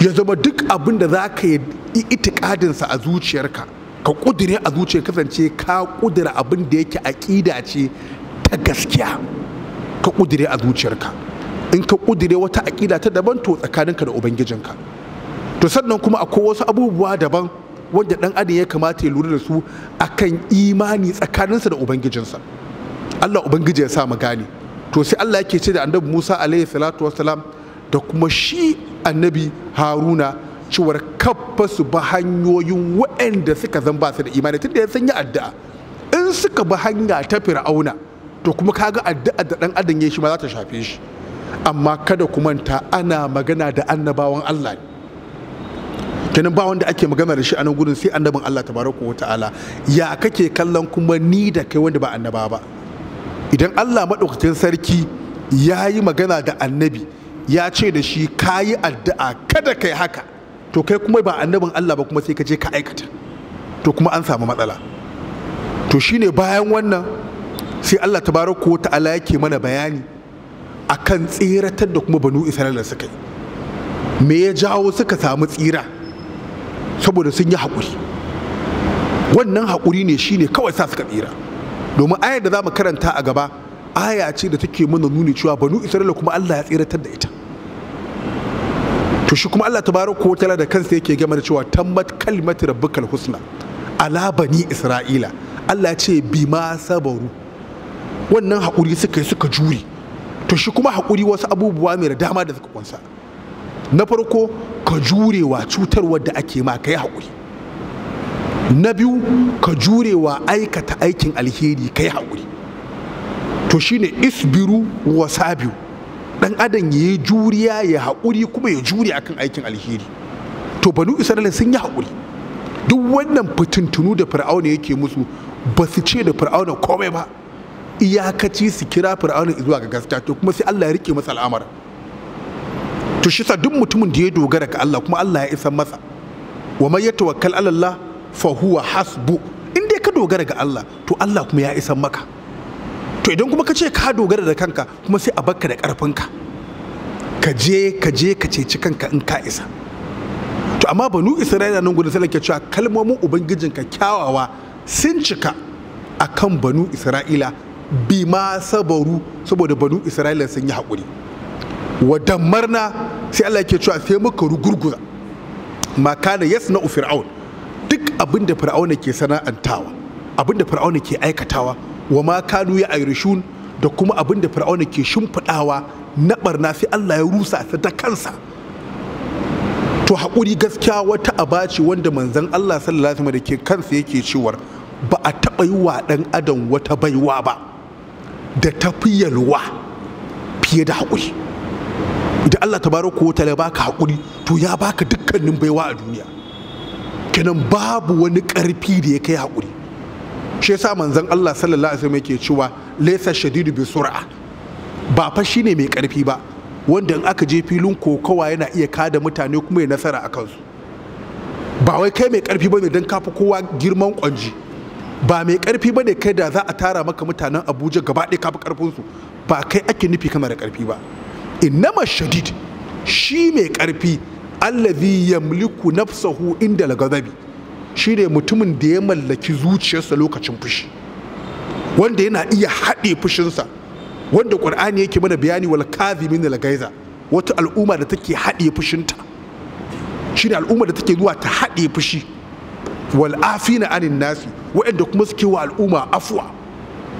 S2: ya zama duk abin da za ka yi itikadinsa a zuciyarka ka ƙudiri a zuciyar kasance ka kudura abin da yake aƙida ce ta gaskiya ka ƙudiri a zuciyarka in ka ƙudiri wata aƙida ta daban to tsakaninka da ubangijinka to sannan kuma akwai wasu abubuwa daban wanda dan adam ya kamata ya lura da su akan imani tsakaninsa da ubangijinsa Allah ubangiji ya sa mu gane to sai Allah yake ce da annabi Musa alaihi salatu wassalam da kuma shi annabi Haruna cewar kafa su ba hanyoyin waɗanda suka zan ba su da imani tun da ya sanya addu'a in suka ba hanya ta fir'auna to kuma kaga addu'a da dan adam ya shi ma za ta shafe shi amma kada ku manta ana magana da annabawan Allah kenan ba wanda ake magana da shi a nan gudun sai annabin Allah tabaraka wa ta'ala ya kake kallon kuma ni da kai wanda ba annaba ba idan Allah maɗaukacin sarki ya yi magana da annabi ya ce da shi kayi addu'a kada kai haka to kai kuma ba annabin Allah ba kuma sai ka je ka aikata to kuma an samu matsala to shine bayan wannan sai Allah ta tabaraka ta'ala yake mana bayani akan tsiratar da kuma banu Isra'ila suka yi me ya jawo suka samu tsira saboda sun yi haƙuri wannan hakuri ne shine kawai sa suka tsira domin ayar da za mu karanta a gaba aya ce da take mana nuni cewa banu Isra'ila kuma Allah ya tsiratar da ita to shi kuma Allah tabaraka wa ta'ala da kansa yake gama da cewa tammat kalimatu rabbikal husna ala bani isra'ila Allah ce bima sabaru wannan hakuri suka suka jure to shi kuma hakuri wasu abubuwa mai da dama da suka kunsa na farko ka jurewa cutarwa da ake ma kai hakuri na biyu ka jurewa aikata aikin alheri kayi hakuri to shine isbiru wa sabiu dan adam ya yi juriya ya haƙuri kuma ya juriya akan aikin alheri to banu isra'ila sun yi haƙuri duk wannan fitintunu da fir'auna yake musu ba su ce da fir'auna komai ba iyakaci su kira fir'auna zuwa ga gaskiya to kuma sai Allah ya rike masa al'amara to shi sa duk mutumin da ya dogara ga Allah kuma Allah ya isa masa wa man yatawakkal ala Allah fa huwa hasbu in dai ka dogara ga Allah to Allah kuma ya isa maka to idan kuma ka ce ka dogara da kanka kuma sai a bakka da karfinka ka je ka je ka ceci kanka in ka isa to amma banu isra'ila nan gudun salake cewa kalmomin ubangijinka kyawawa sun cika akan banu isra'ila bi ma sabaru saboda banu isra'ila sun yi haƙuri wadan marna sai Allah yake cewa sai muka rugurguza makana yasna fir'aun duk abin da fir'auna ke sana'antawa abinda da fir'auna ke aikatawa wa ma kanu ya ayrishun da kuma abin da fir'auna ke shimfiɗawa na barna sai Allah ya rusa ta da kansa to hakuri gaskiya wata aba ce wanda manzon Allah sallallahu alaihi da ke kansa yake cewa ba a taɓa yi wa ɗan adam wata baiwa ba da tafi yalwa fiye da hakuri. idan Allah tabaraka wa ta'ala baka hakuri, to ya baka dukkanin baiwa a duniya kenan babu wani ƙarfi da ya kai hakuri. shi yasa manzon Allah sallallahu alaihi wasallam yake cewa laysa shadidu bi sur'a ba fa shine mai karfi ba wanda in aka je filin kokawa yana iya kada mutane kuma ya nasara a kansu ba wai kai mai karfi bane dan kafi kowa girman kwanji ba mai karfi bane kai da za a tara maka mutanen Abuja gaba ɗaya kafi karfin su ba kai ake nufi kana da karfi ba innama shadid shi mai karfi allazi yamliku nafsahu inda lagazabi shine mutumin da ya mallaki zuciyarsa lokacin fushi wanda yana iya haɗe fushinsa wanda ƙur'ani yake mana bayani wal kazimin al gaiza wata al'umma da take haɗe fushinta shine al'umma da take zuwa ta haɗe fushi wal afina anin nasi waɗanda kuma suke wa al'umma afuwa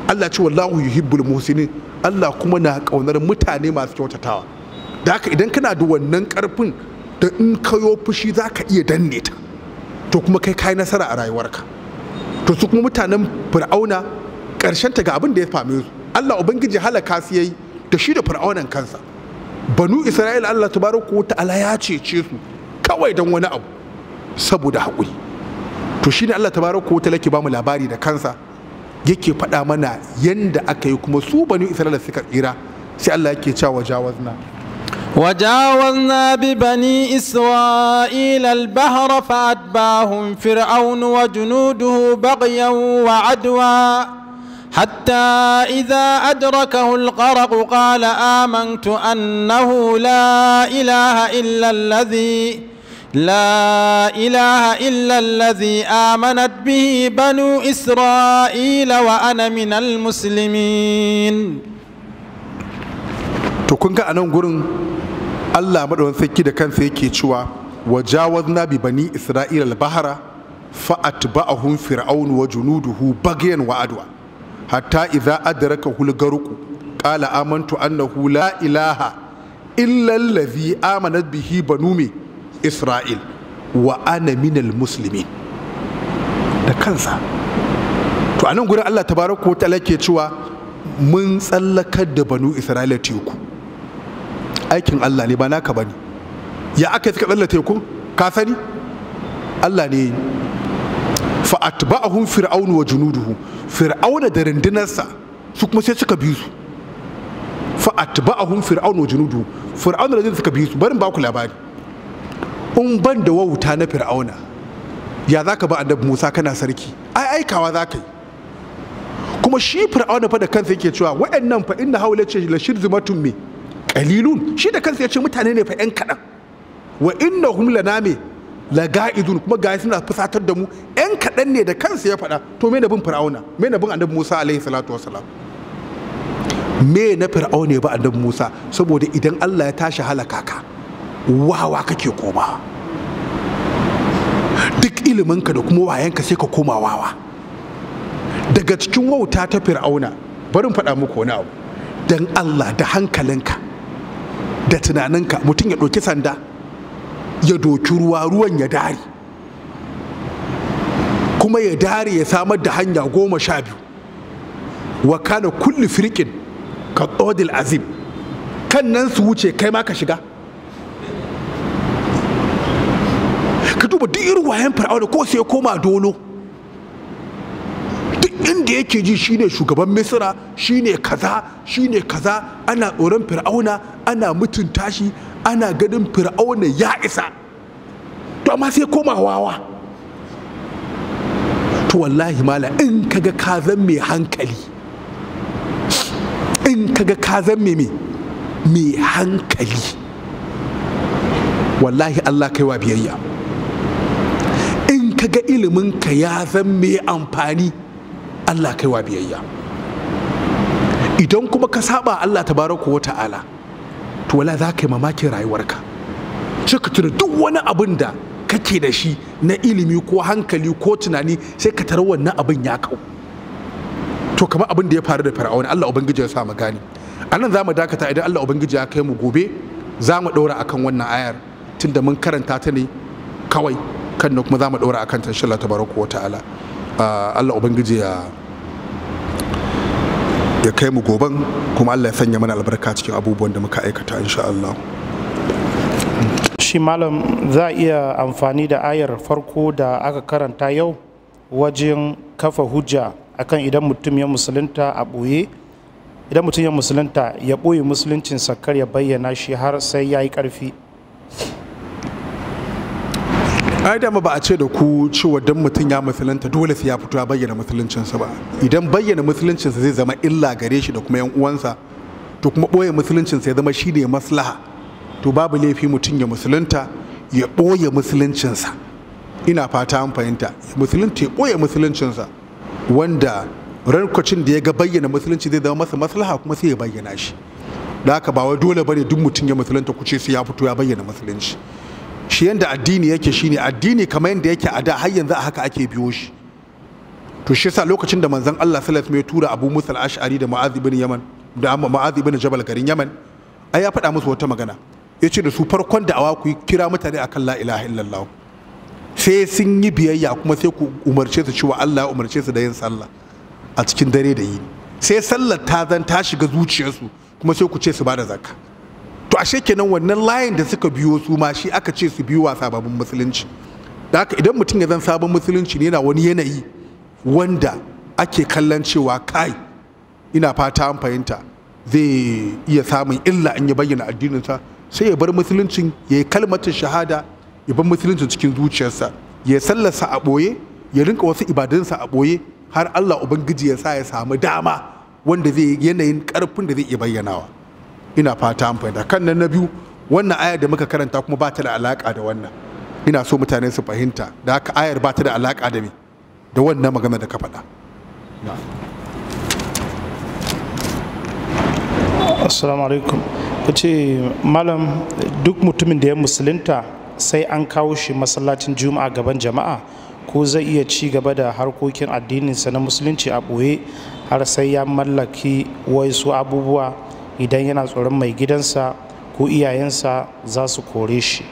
S2: Allah ce wallahu yuhibbul muhsinin Allah kuma na ƙaunar mutane masu kyautatawa da haka idan kana da wannan karfin da in kayo fushi zaka iya danne ta to kuma kai kai nasara a rayuwarka to su kuma mutanen fir'auna ƙarshen ta ga abin da ya fami su Allah ubangiji halaka su yayi da shi da fir'aunan kansa banu isra'ila Allah tabaraka wa ta'ala ya cece su kawai don wani abu saboda haƙuri to shine Allah tabaraka wa ta'ala ke bamu labari da kansa yake faɗa mana yanda aka yi kuma su banu isra'ila suka tsira sai Allah yake cewa jawazna
S1: وجاوزنا ببني إسرائيل البحر فأتباهم فرعون وجنوده بغيا وعدوا حتى إذا أدركه الغرق قال آمنت أنه لا إله إلا الذي لا إله إلا الذي آمنت به بنو إسرائيل وأنا من المسلمين to kun ga
S2: anan gurin Allah madawan sarki da kansa yake cewa wajawazna bi bani isra'ila al-bahra fa atba'ahum fir'aun wa junuduhu baghyan wa adwa hatta idza adraka hul garuku qala amantu annahu la ilaha illa allazi amanat bihi banumi isra'il wa ana muslimin da kansa to anan gurin Allah tabaraka wa ta'ala ke cewa mun tsallakar da banu isra'ila teku aikin Allah ne ba naka bane ya aka suka tsalla teku ka sani Allah ne fa atba'ahum fir'aunu wa junuduhu fir'auna da rundunarsa su kuma sai suka bi su fa atba'ahum fir'auna wa junuduhu fir'auna da suka bi su barin ba ku labari in ban da wauta na fir'auna ya zaka ba annabi Musa kana sarki ai aikawa zaka yi kuma shi fir'auna fa da kansa yake cewa wa'annan fa inna haula ce la shirzimatun me kalilun shi da kansa ya ce mutane ne fa yan kaɗan wa la name la ga'idun kuma ga suna fusatar da mu yan kaɗan ne da kansa ya faɗa to me na bin fir'auna me na bin annabi Musa alaihi salatu wasalam me na fir'auna ba annabi Musa saboda idan Allah ya tashi halaka ka wawa kake koma duk iliminka da kuma wayanka sai ka koma wawa daga cikin wauta ta fir'auna barin faɗa muku wani abu don Allah da hankalinka da tunaninka mutum ya ɗauki sanda ya doki ruwa ruwan ya dare kuma ya dare ya samar da hanya goma sha biyu wa kana kulli firkin ka tsodil azim kan nan su wuce kai ma ka shiga ka duba duk irin wayan fir'auna ko sai koma dolo inda yake ji shine shugaban misira shine kaza shine kaza ana tsoron fir'auna ana mutunta shi ana ganin fir'auna ya isa to amma sai koma wawa to wallahi mala in kaga ka zan mai hankali in kaga ka zan mai mai hankali wallahi Allah kaiwa biyayya in kaga ilimin ka ya zan mai amfani Allah kaiwa biyayya idan kuma ka saba Allah tabaraka wa ta'ala to wala za ka yi mamakin rayuwarka sai ka tuna duk wani abin da kake da shi na ilimi ko hankali ko tunani sai ka tarar wannan abin ya kau to kamar abin da ya faru da fir'auna Allah ubangiji ya sa mu gane anan za mu dakata idan Allah ubangiji ya kai mu gobe za mu daura akan wannan ayar tunda mun karanta ta ne kawai kan kuma za mu daura akan ta insha Allah tabaraka wa ta'ala ah, Allah ubangiji ya ya kai mu goban kuma Allah ya sanya mana albarka cikin abubuwan da muka aikata insha Allah
S3: shi malam za a iya amfani da ayar farko da aka karanta yau wajen kafa hujja akan idan mutum ya musulunta a ɓoye idan mutum ya musulunta ya ɓoye musuluncinsa kar ya bayyana shi har sai ya yi ƙarfi
S2: ai dama ba a ce da ku cewa dan mutum ya musulunta dole sai ya fito ya bayyana musuluncinsa ba idan bayyana musuluncinsa zai zama illa gare shi da kuma yan uwansa to kuma ɓoye musuluncinsa ya zama shine maslaha to babu laifi mutum ya musulunta ya ɓoye musuluncinsa ina fata an fahimta musulunta ya ɓoye musuluncinsa wanda rankocin da ya ga bayyana musulunci zai zama masa maslaha kuma sai ya bayyana shi da haka ba wai dole bane duk mutum ya musulunta ku ce sai ya fito ya bayyana musulunci shi yanda addini yake shine addini kamar yadda yake a da har yanzu a haka ake biyo shi to shi yasa lokacin da manzon Allah sallallahu alaihi tura Abu Musa al-Ash'ari da Mu'adh ibn Yaman da Mu'adh ibn Jabal garin Yaman ai ya faɗa musu wata magana yace da su farkon da awa ku kira mutane akan la ilaha illallah sai sun yi biyayya kuma sai ku umarce su cewa Allah ya umarce su da yin sallah a cikin dare da yini sai sallar ta zan ta shiga zuciyarsu kuma sai ku ce su ba da zakka to ashe kenan wannan layin da suka biyo su ma shi aka ce su biyo wa sababbin musulunci da haka idan mutum ya zan sabon musulunci ne yana wani yanayi wanda ake kallon cewa kai ina fata an fahimta zai iya samun illa in ya bayyana addinin sa sai ya bar musuluncin ya yi kalmatin shahada ya bar musuluncin cikin zuciyarsa ya sallarsa a ɓoye ya rinka wasu ibadunsa a ɓoye har allah ubangiji ya sa ya samu dama wanda zai yanayin karfin da zai iya bayyanawa ina fata an fahimta kan nan na biyu wannan ayar da muka karanta kuma ba ta da alaka da wannan ina so mutane su fahimta da haka ayar ba ta da alaka
S3: da me da wannan magana da ka faɗa assalamu alaikum ka ce malam duk mutumin da ya musulunta sai an kawo shi masallacin juma'a gaban jama'a ko zai iya ci gaba da harkokin addininsa na musulunci a ɓoye har sai ya mallaki wasu abubuwa idan yana tsoron mai gidansa ko iyayensa za su kore shi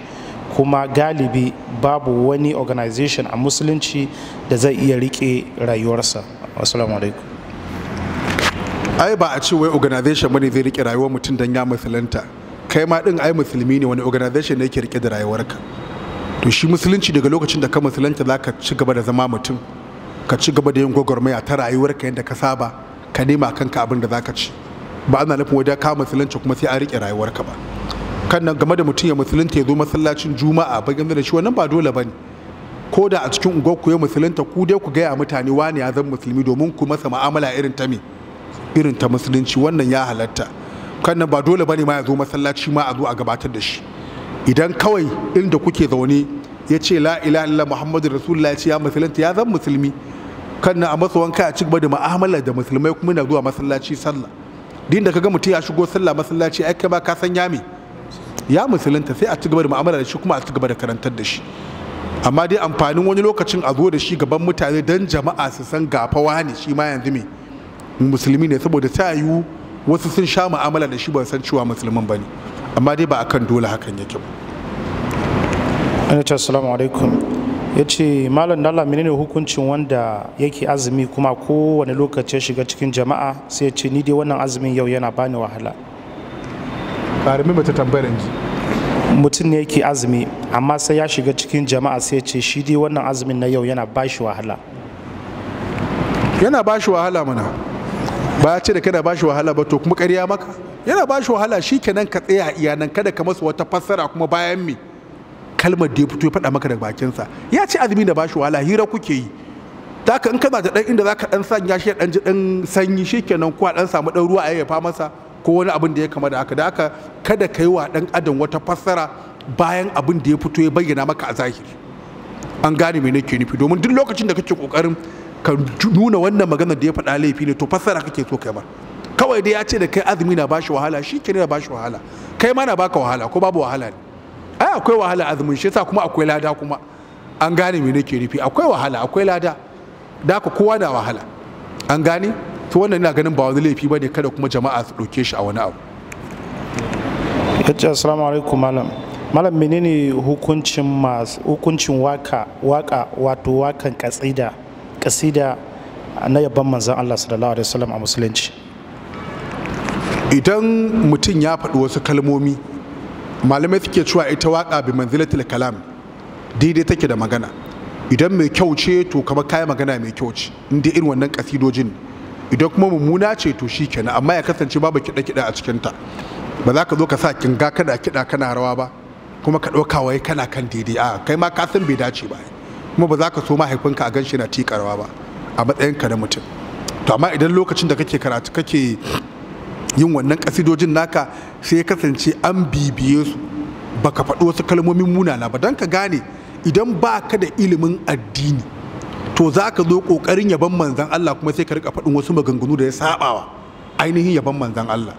S3: kuma galibi babu wani organization a musulunci da zai iya rike rayuwarsa assalamu alaikum ai ba a ce wai organization bane zai rike rayuwar mutum don ya musulunta
S2: kai ma din ai musulmi ne wani organization ne yake rike da rayuwarka to shi musulunci daga lokacin da ka musulunta za ka ci gaba da zama mutum ka ci gaba da yin gwagwarmaya ta rayuwarka yadda ka saba ka nema kanka abin da za ka ci ba ana nufin wajen ka musulunci kuma sai a riƙe rayuwarka ba kan nan game da mutum ya musulunta ya zo masallacin juma'a game da shi wannan ba dole ba ne ko da a cikin ku ya musulunta ku dai ku gaya mutane wani ya zama musulmi domin ku masa ma'amala irin ta me irin ta musulunci wannan ya halatta kan nan ba dole ba ne ma ya zo masallaci ma a zo a gabatar da shi idan kawai inda kuke zaune ya ce la ilaha illa muhammadu rasulullah ya ce ya musulunta ya zama musulmi kan nan a masa wanka a ci gaba da mu'amala da musulmai kuma na zuwa masallaci sallah din da kaga mutum ya shigo sallah masallaci ai kai ba ka san yami ya musulunta sai a ci gaba da mu'amala da shi kuma a ci gaba da karantar da shi amma dai amfanin wani lokacin a zo da shi gaban mutane dan jama'a su san gafa wani shi ma yanzu me musulmi ne saboda ta yiwu wasu sun sha mu'amala da shi ba san cewa musulmin ba ne amma dai ba akan dole hakan yake ba.
S3: Assalamu alaikum. ya ce malam dala menene hukuncin wanda yake azumi kuma kowane lokaci ya shiga cikin jama'a sai ya ce ni dai wannan azumin yau yana bani wahala karimi bata tambayar ji mutum ne yake azumi amma sai ya shiga cikin jama'a sai ya ce shi dai wannan azumin na yau yana bashi wahala yana bashi wahala mana
S2: ba ya ce da kada bashi wahala ba to kuma ƙarya maka yana bashi wahala shi kenan ka tsaya a iyanan kada ka masa wata fassara kuma bayan me kalmar da ya fito ya faɗa maka daga bakinsa ya ce azumi da bashi wahala hira kuke yi ta ka in kana da ɗan inda za ka ɗan sanya shi ɗan ji ɗan sanyi kenan ko a ɗan samu ɗan ruwa a yayyafa masa ko wani abin da ya kama da haka da haka kada ka yi wa ɗan adam wata fassara bayan abin da ya fito ya bayyana maka a zahiri an gane me nake nufi domin duk lokacin da kake kokarin ka nuna wannan magana da ya faɗa laifi ne to fassara kake so kai ma kawai dai ya ce da kai azumi na bashi wahala shi kenan na bashi wahala kai ma na baka wahala ko babu wahala ne ai akwai wahala azumin shi yasa kuma akwai lada kuma an gane me nake nufi akwai wahala akwai lada da ka kowa na wahala an gane to wannan ina ganin ba wani laifi ba ne kada kuma jama'a su ɗauke shi a wani abu
S3: assalamu alaikum malam malam menene hukuncin masu hukuncin waka waka wato wakan kasida kasida na yabban manzon Allah sallallahu alaihi wasallam a musulunci
S2: idan mutum ya faɗi
S3: wasu kalmomi
S2: malamai suke cewa ita waka bi manzilatul kalam daidai take da magana idan mai kyau ce to kamar kai magana mai kyau ce inda irin wannan kasidojin idan kuma mummuna ce to shi kenan amma ya kasance babu kiɗa kiɗa a ta ba za ka zo ka sa kinga kada kiɗa kana rawa ba kuma ka ɗauka wai kana kan daidai a kai ma ka san bai dace ba kuma ba za ka so mahaifinka a ganshi na tiƙa rawa ba a matsayinka na mutum to amma idan lokacin da kake karatu kake yin wannan kasidojin naka sai ya kasance an bibiye su baka faɗi wasu kalmomin munana ba don ka gane idan ba ka da ilimin addini to za ka zo ƙoƙarin yaban manzan Allah kuma sai ka rika faɗin wasu maganganu da ya sabawa ainihin yaban manzan Allah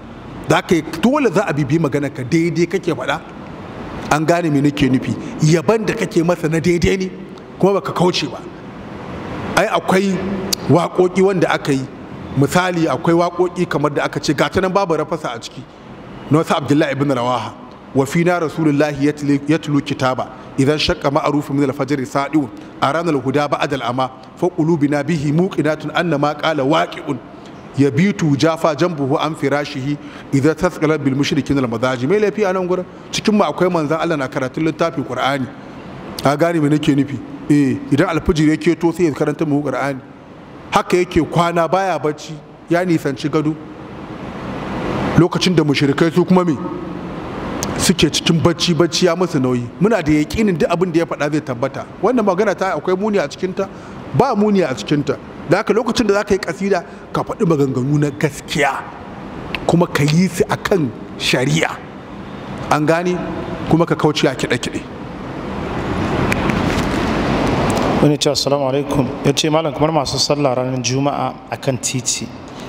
S2: za ka yi dole za a bibi magana ka daidai kake faɗa an gane me nake nufi yaban da kake masa na daidai ne kuma baka kauce ba ai akwai waƙoƙi wanda aka yi misali akwai waƙoƙi kamar da aka ce gata nan babu rafasa a ciki na wasu abdullahi ibn rawaha wa fi na rasulullahi ya tulu kitaba idan shakka ma'arufin min alfajr sa'diu a ranar huda ba'ad amma fa qulubina bihi muqinatun anna ma qala waqi'un yabitu jafa janbuhu an firashihi idan tasqala bil mushrikin al madaji mai laifi a nan gurin cikin mu akwai manzan Allah na karatun littafin Qur'ani a gane me nake nufi eh idan alfijir ya keto sai ya karanta mu Qur'ani haka yake kwana baya bacci ya nisanci gado lokacin da mushrikai su kuma me suke cikin bacci bacci ya musu nauyi muna da yaƙinin duk abin da ya faɗa zai tabbata wannan magana ta akwai muni a cikinta ba muni a cikinta da haka lokacin da za ka yi kasida ka faɗi maganganu na gaskiya kuma ka yi su akan shari'a
S3: an gane kuma ka kauce
S2: a kiɗe-kiɗe
S3: wani ce salamu alaikum ya ce malam kamar masu sallah ranar juma'a a kan titi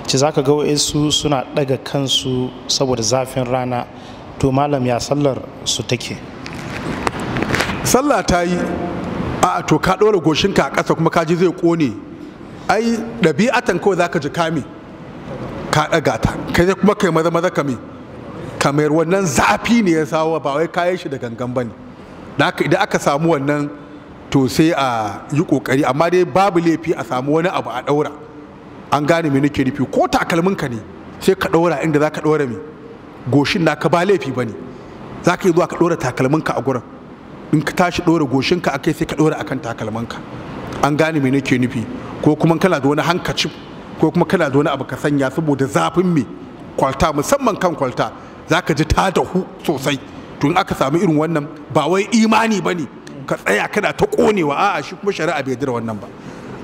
S3: ce za ka ga su suna daga kansu saboda zafin rana to malam ya sallar su take sallah ta yi a
S2: to ka ɗora goshinka a ƙasa kuma kaji zai ƙone ai ɗabi'atan kawai za ka ji kame ka ɗaga ta kai sai kuma kai maza maza kame kamar wannan zafi ne ya sawo ba wai kayan shi da gangan ba ne idan aka samu wannan to sai a yi kokari amma dai babu laifi a samu wani abu a daura an gane me nake nufi ko takalminka ne sai ka daura inda za ka daura me goshin naka ba laifi ne za ka yi zuwa ka daura takalminka a gurin in ka tashi daura goshinka akai sai ka daura akan takalminka an gane me nake nufi ko kuma kana da wani hankacin ko kuma kana da wani abu ka sanya saboda zafin mai kwalta musamman kan kwalta za ka ji ta dahu sosai to in aka samu irin wannan ba wai imani ba ne ka tsaya kana ta konewa a'a shi kuma shari'a bai dira wannan ba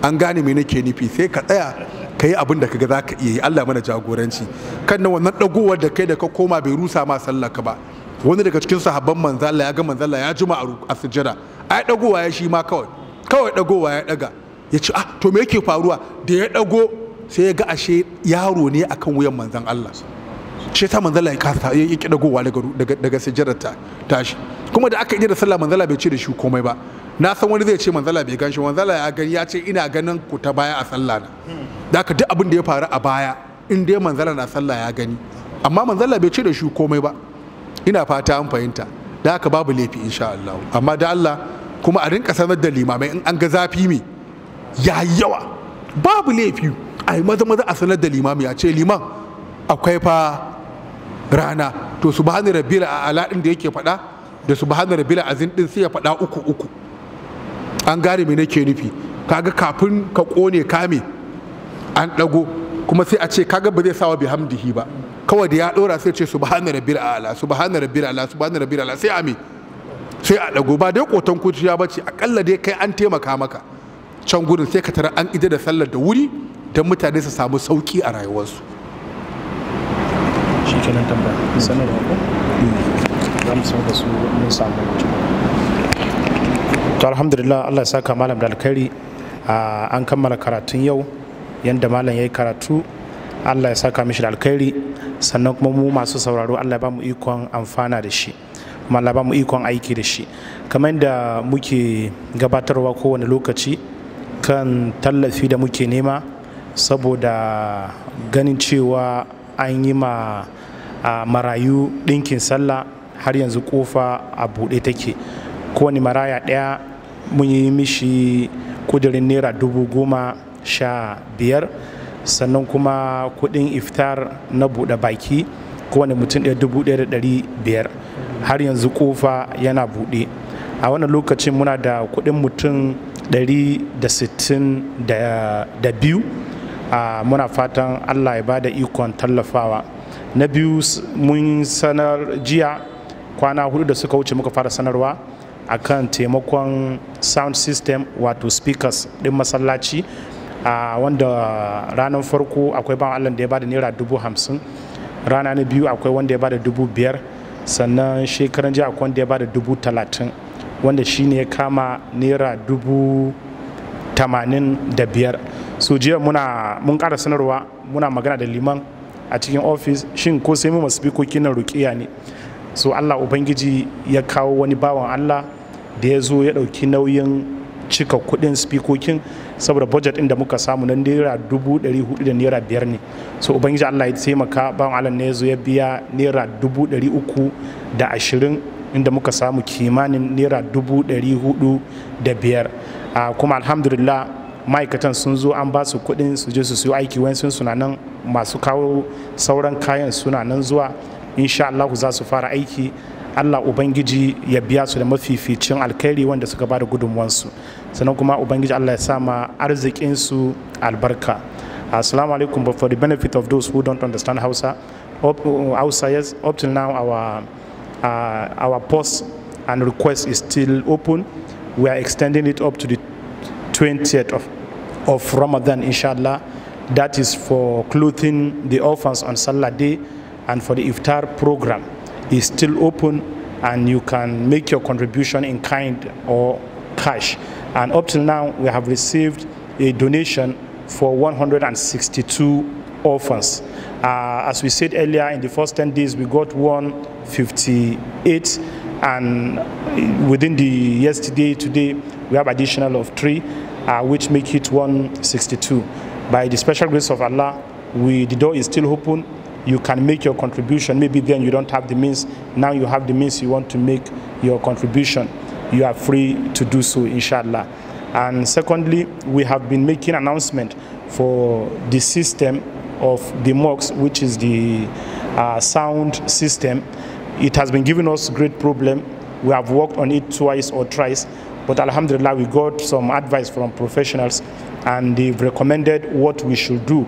S2: an gane me nake nufi sai ka tsaya ka yi abin da kaga za ka iya yi Allah mana jagoranci kan nan wannan dagowar da kai da ka koma bai rusa ma sallah ka ba wani daga cikin sahabban Allah ya ga Allah ya jima a sujjada ai dagowa ya shi ma kawai kawai dagowa ya daga ya ce ah to me yake faruwa da ya dago sai ya ga ashe yaro ne akan wuyan manzan Allah ce ta manzala ya kasa ya yi dagowa daga daga ta tashi kuma da aka yi da sallah manzala bai ce da shi komai ba na san wani zai ce manzala bai gan shi manzala ya gani ya ce ina ganin ku ta baya a sallah na da aka duk abin da ya faru a baya in dai manzala na sallah ya gani amma manzala bai ce da shi komai ba ina fata an fahimta da aka babu laifi insha Allah amma da Allah kuma a rinka sanar da limamai in an ga zafi mai ya yawa babu laifi a maza maza a sanar da limami a ce liman akwai fa rana to subhana rabbil a'la din da yake faɗa da subhana rabbil azim din sai ya faɗa uku uku an gane me nake nufi kaga kafin ka kone kame an ɗago kuma sai a ce kaga ba zai sawa bi hamdihi ba kawai da ya ɗora sai ce subhana rabbil a'la subhana rabbil a'la subhana rabbil a'la sai a sai a ɗago ba dai kotan kuciya ba ce akalla dai kai an taimaka maka can gudun sai ka tara an ida da sallar da wuri don mutane su samu sauki a
S3: rayuwarsu kenan tambaya mm. mm. sanar da su mun samu to alhamdulillah Allah ya saka malam da alkhairi an kammala karatun yau yanda malam ya karatu Allah ya saka mishi da alkhairi sannan kuma mu masu sauraro Allah ya ba mu ikon amfana da shi kuma Allah ba mu ikon aiki da shi kamar yadda muke gabatarwa kowane lokaci kan tallafi da muke nema saboda ganin cewa an yi ma a marayu ɗinkin sallah har yanzu kofa a buɗe take kowane maraya ɗaya mun yi mishi kudirin naira dubu goma sha biyar sannan kuma kuɗin iftar na buɗe baki kowane mutum ɗaya dubu ɗaya da ɗari biyar har yanzu kofa yana buɗe a wannan lokacin muna da kuɗin mutum ɗari da da sittin biyu, muna fatan allah ya bada ikon tallafawa na biyu mun sanar jiya kwana hudu da suka wuce muka fara sanarwa akan taimakon sound system wato speakers din masallaci a wanda ranar farko akwai ban allah da ya bada naira dubu hamsin rana na biyu akwai wanda ya bada dubu biyar sannan shekaran jiya akwai wanda ya bada dubu talatin wanda ne ya kama naira dubu tamanin da biyar so jiya muna mun kara sanarwa muna magana da liman a cikin ofis shin ko sai mu masu bikoki na rukiya ne so allah ubangiji ya kawo wani bawan allah da ya zo ya ɗauki nauyin cika kuɗin spikokin saboda budget ɗin da muka samu na naira dubu ɗari hudu da naira biyar ne so ubangiji allah ya taimaka bawan allah ne ya zo ya biya naira dubu ɗari uku da ashirin inda muka samu kimanin naira dubu ɗari hudu da biyar ah, kuma alhamdulillah ma'aikatan sun zo an ba su kuɗin su je su siyo aiki wayansu suna nan masu kawo sauran kayan suna nan zuwa insha Allah za su fara aiki Allah Ubangiji ya biya su da mafificin alkhairi wanda suka ba da gudunmuwansu sannan kuma Ubangiji Allah ya sama arzikinsu albarka assalamu alaikum but for the benefit of those who don't understand Hausa Hausa yes up till now our uh, our post and request is still open we are extending it up to the 20th of, of Ramadan, inshallah. That is for clothing the orphans on Salah Day and for the iftar program is still open and you can make your contribution in kind or cash. And up till now, we have received a donation for 162 orphans. Uh, as we said earlier, in the first 10 days, we got 158 and within the yesterday, today, we have additional of three, uh, which make it 162. By the special grace of Allah, we, the door is still open. You can make your contribution. Maybe then you don't have the means. Now you have the means you want to make your contribution. You are free to do so, inshallah. And secondly, we have been making announcement for the system of the MOX, which is the uh, sound system. It has been giving us great problem. We have worked on it twice or thrice but alhamdulillah, we got some advice from professionals and they've recommended what we should do.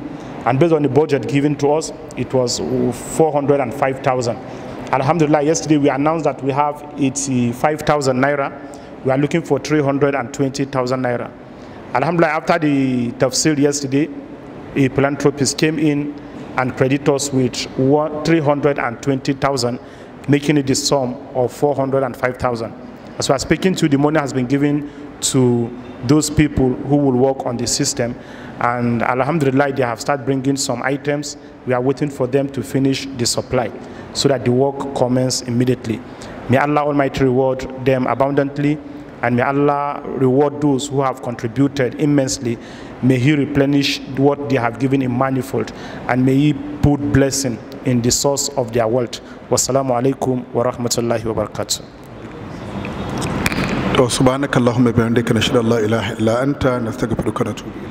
S3: And based on the budget given to us, it was 405,000. Alhamdulillah, yesterday we announced that we have 85,000 uh, naira. We are looking for 320,000 naira. Alhamdulillah, after the tafsir yesterday, a philanthropist came in and credited us with 320,000, making it the sum of 405,000. As we are speaking to, the money has been given to those people who will work on the system. And Alhamdulillah, they have started bringing some items. We are waiting for them to finish the supply so that the work commences immediately. May Allah Almighty reward them abundantly and may Allah reward those who have contributed immensely. May He replenish what they have given in manifold and may He put blessing in the source of their wealth. Wassalamu alaikum wa rahmatullahi wa barakatuh.
S2: to subhanakallahumma bihamdika nashhadu an la ilaha illa anta nastaghfiruka wa natubu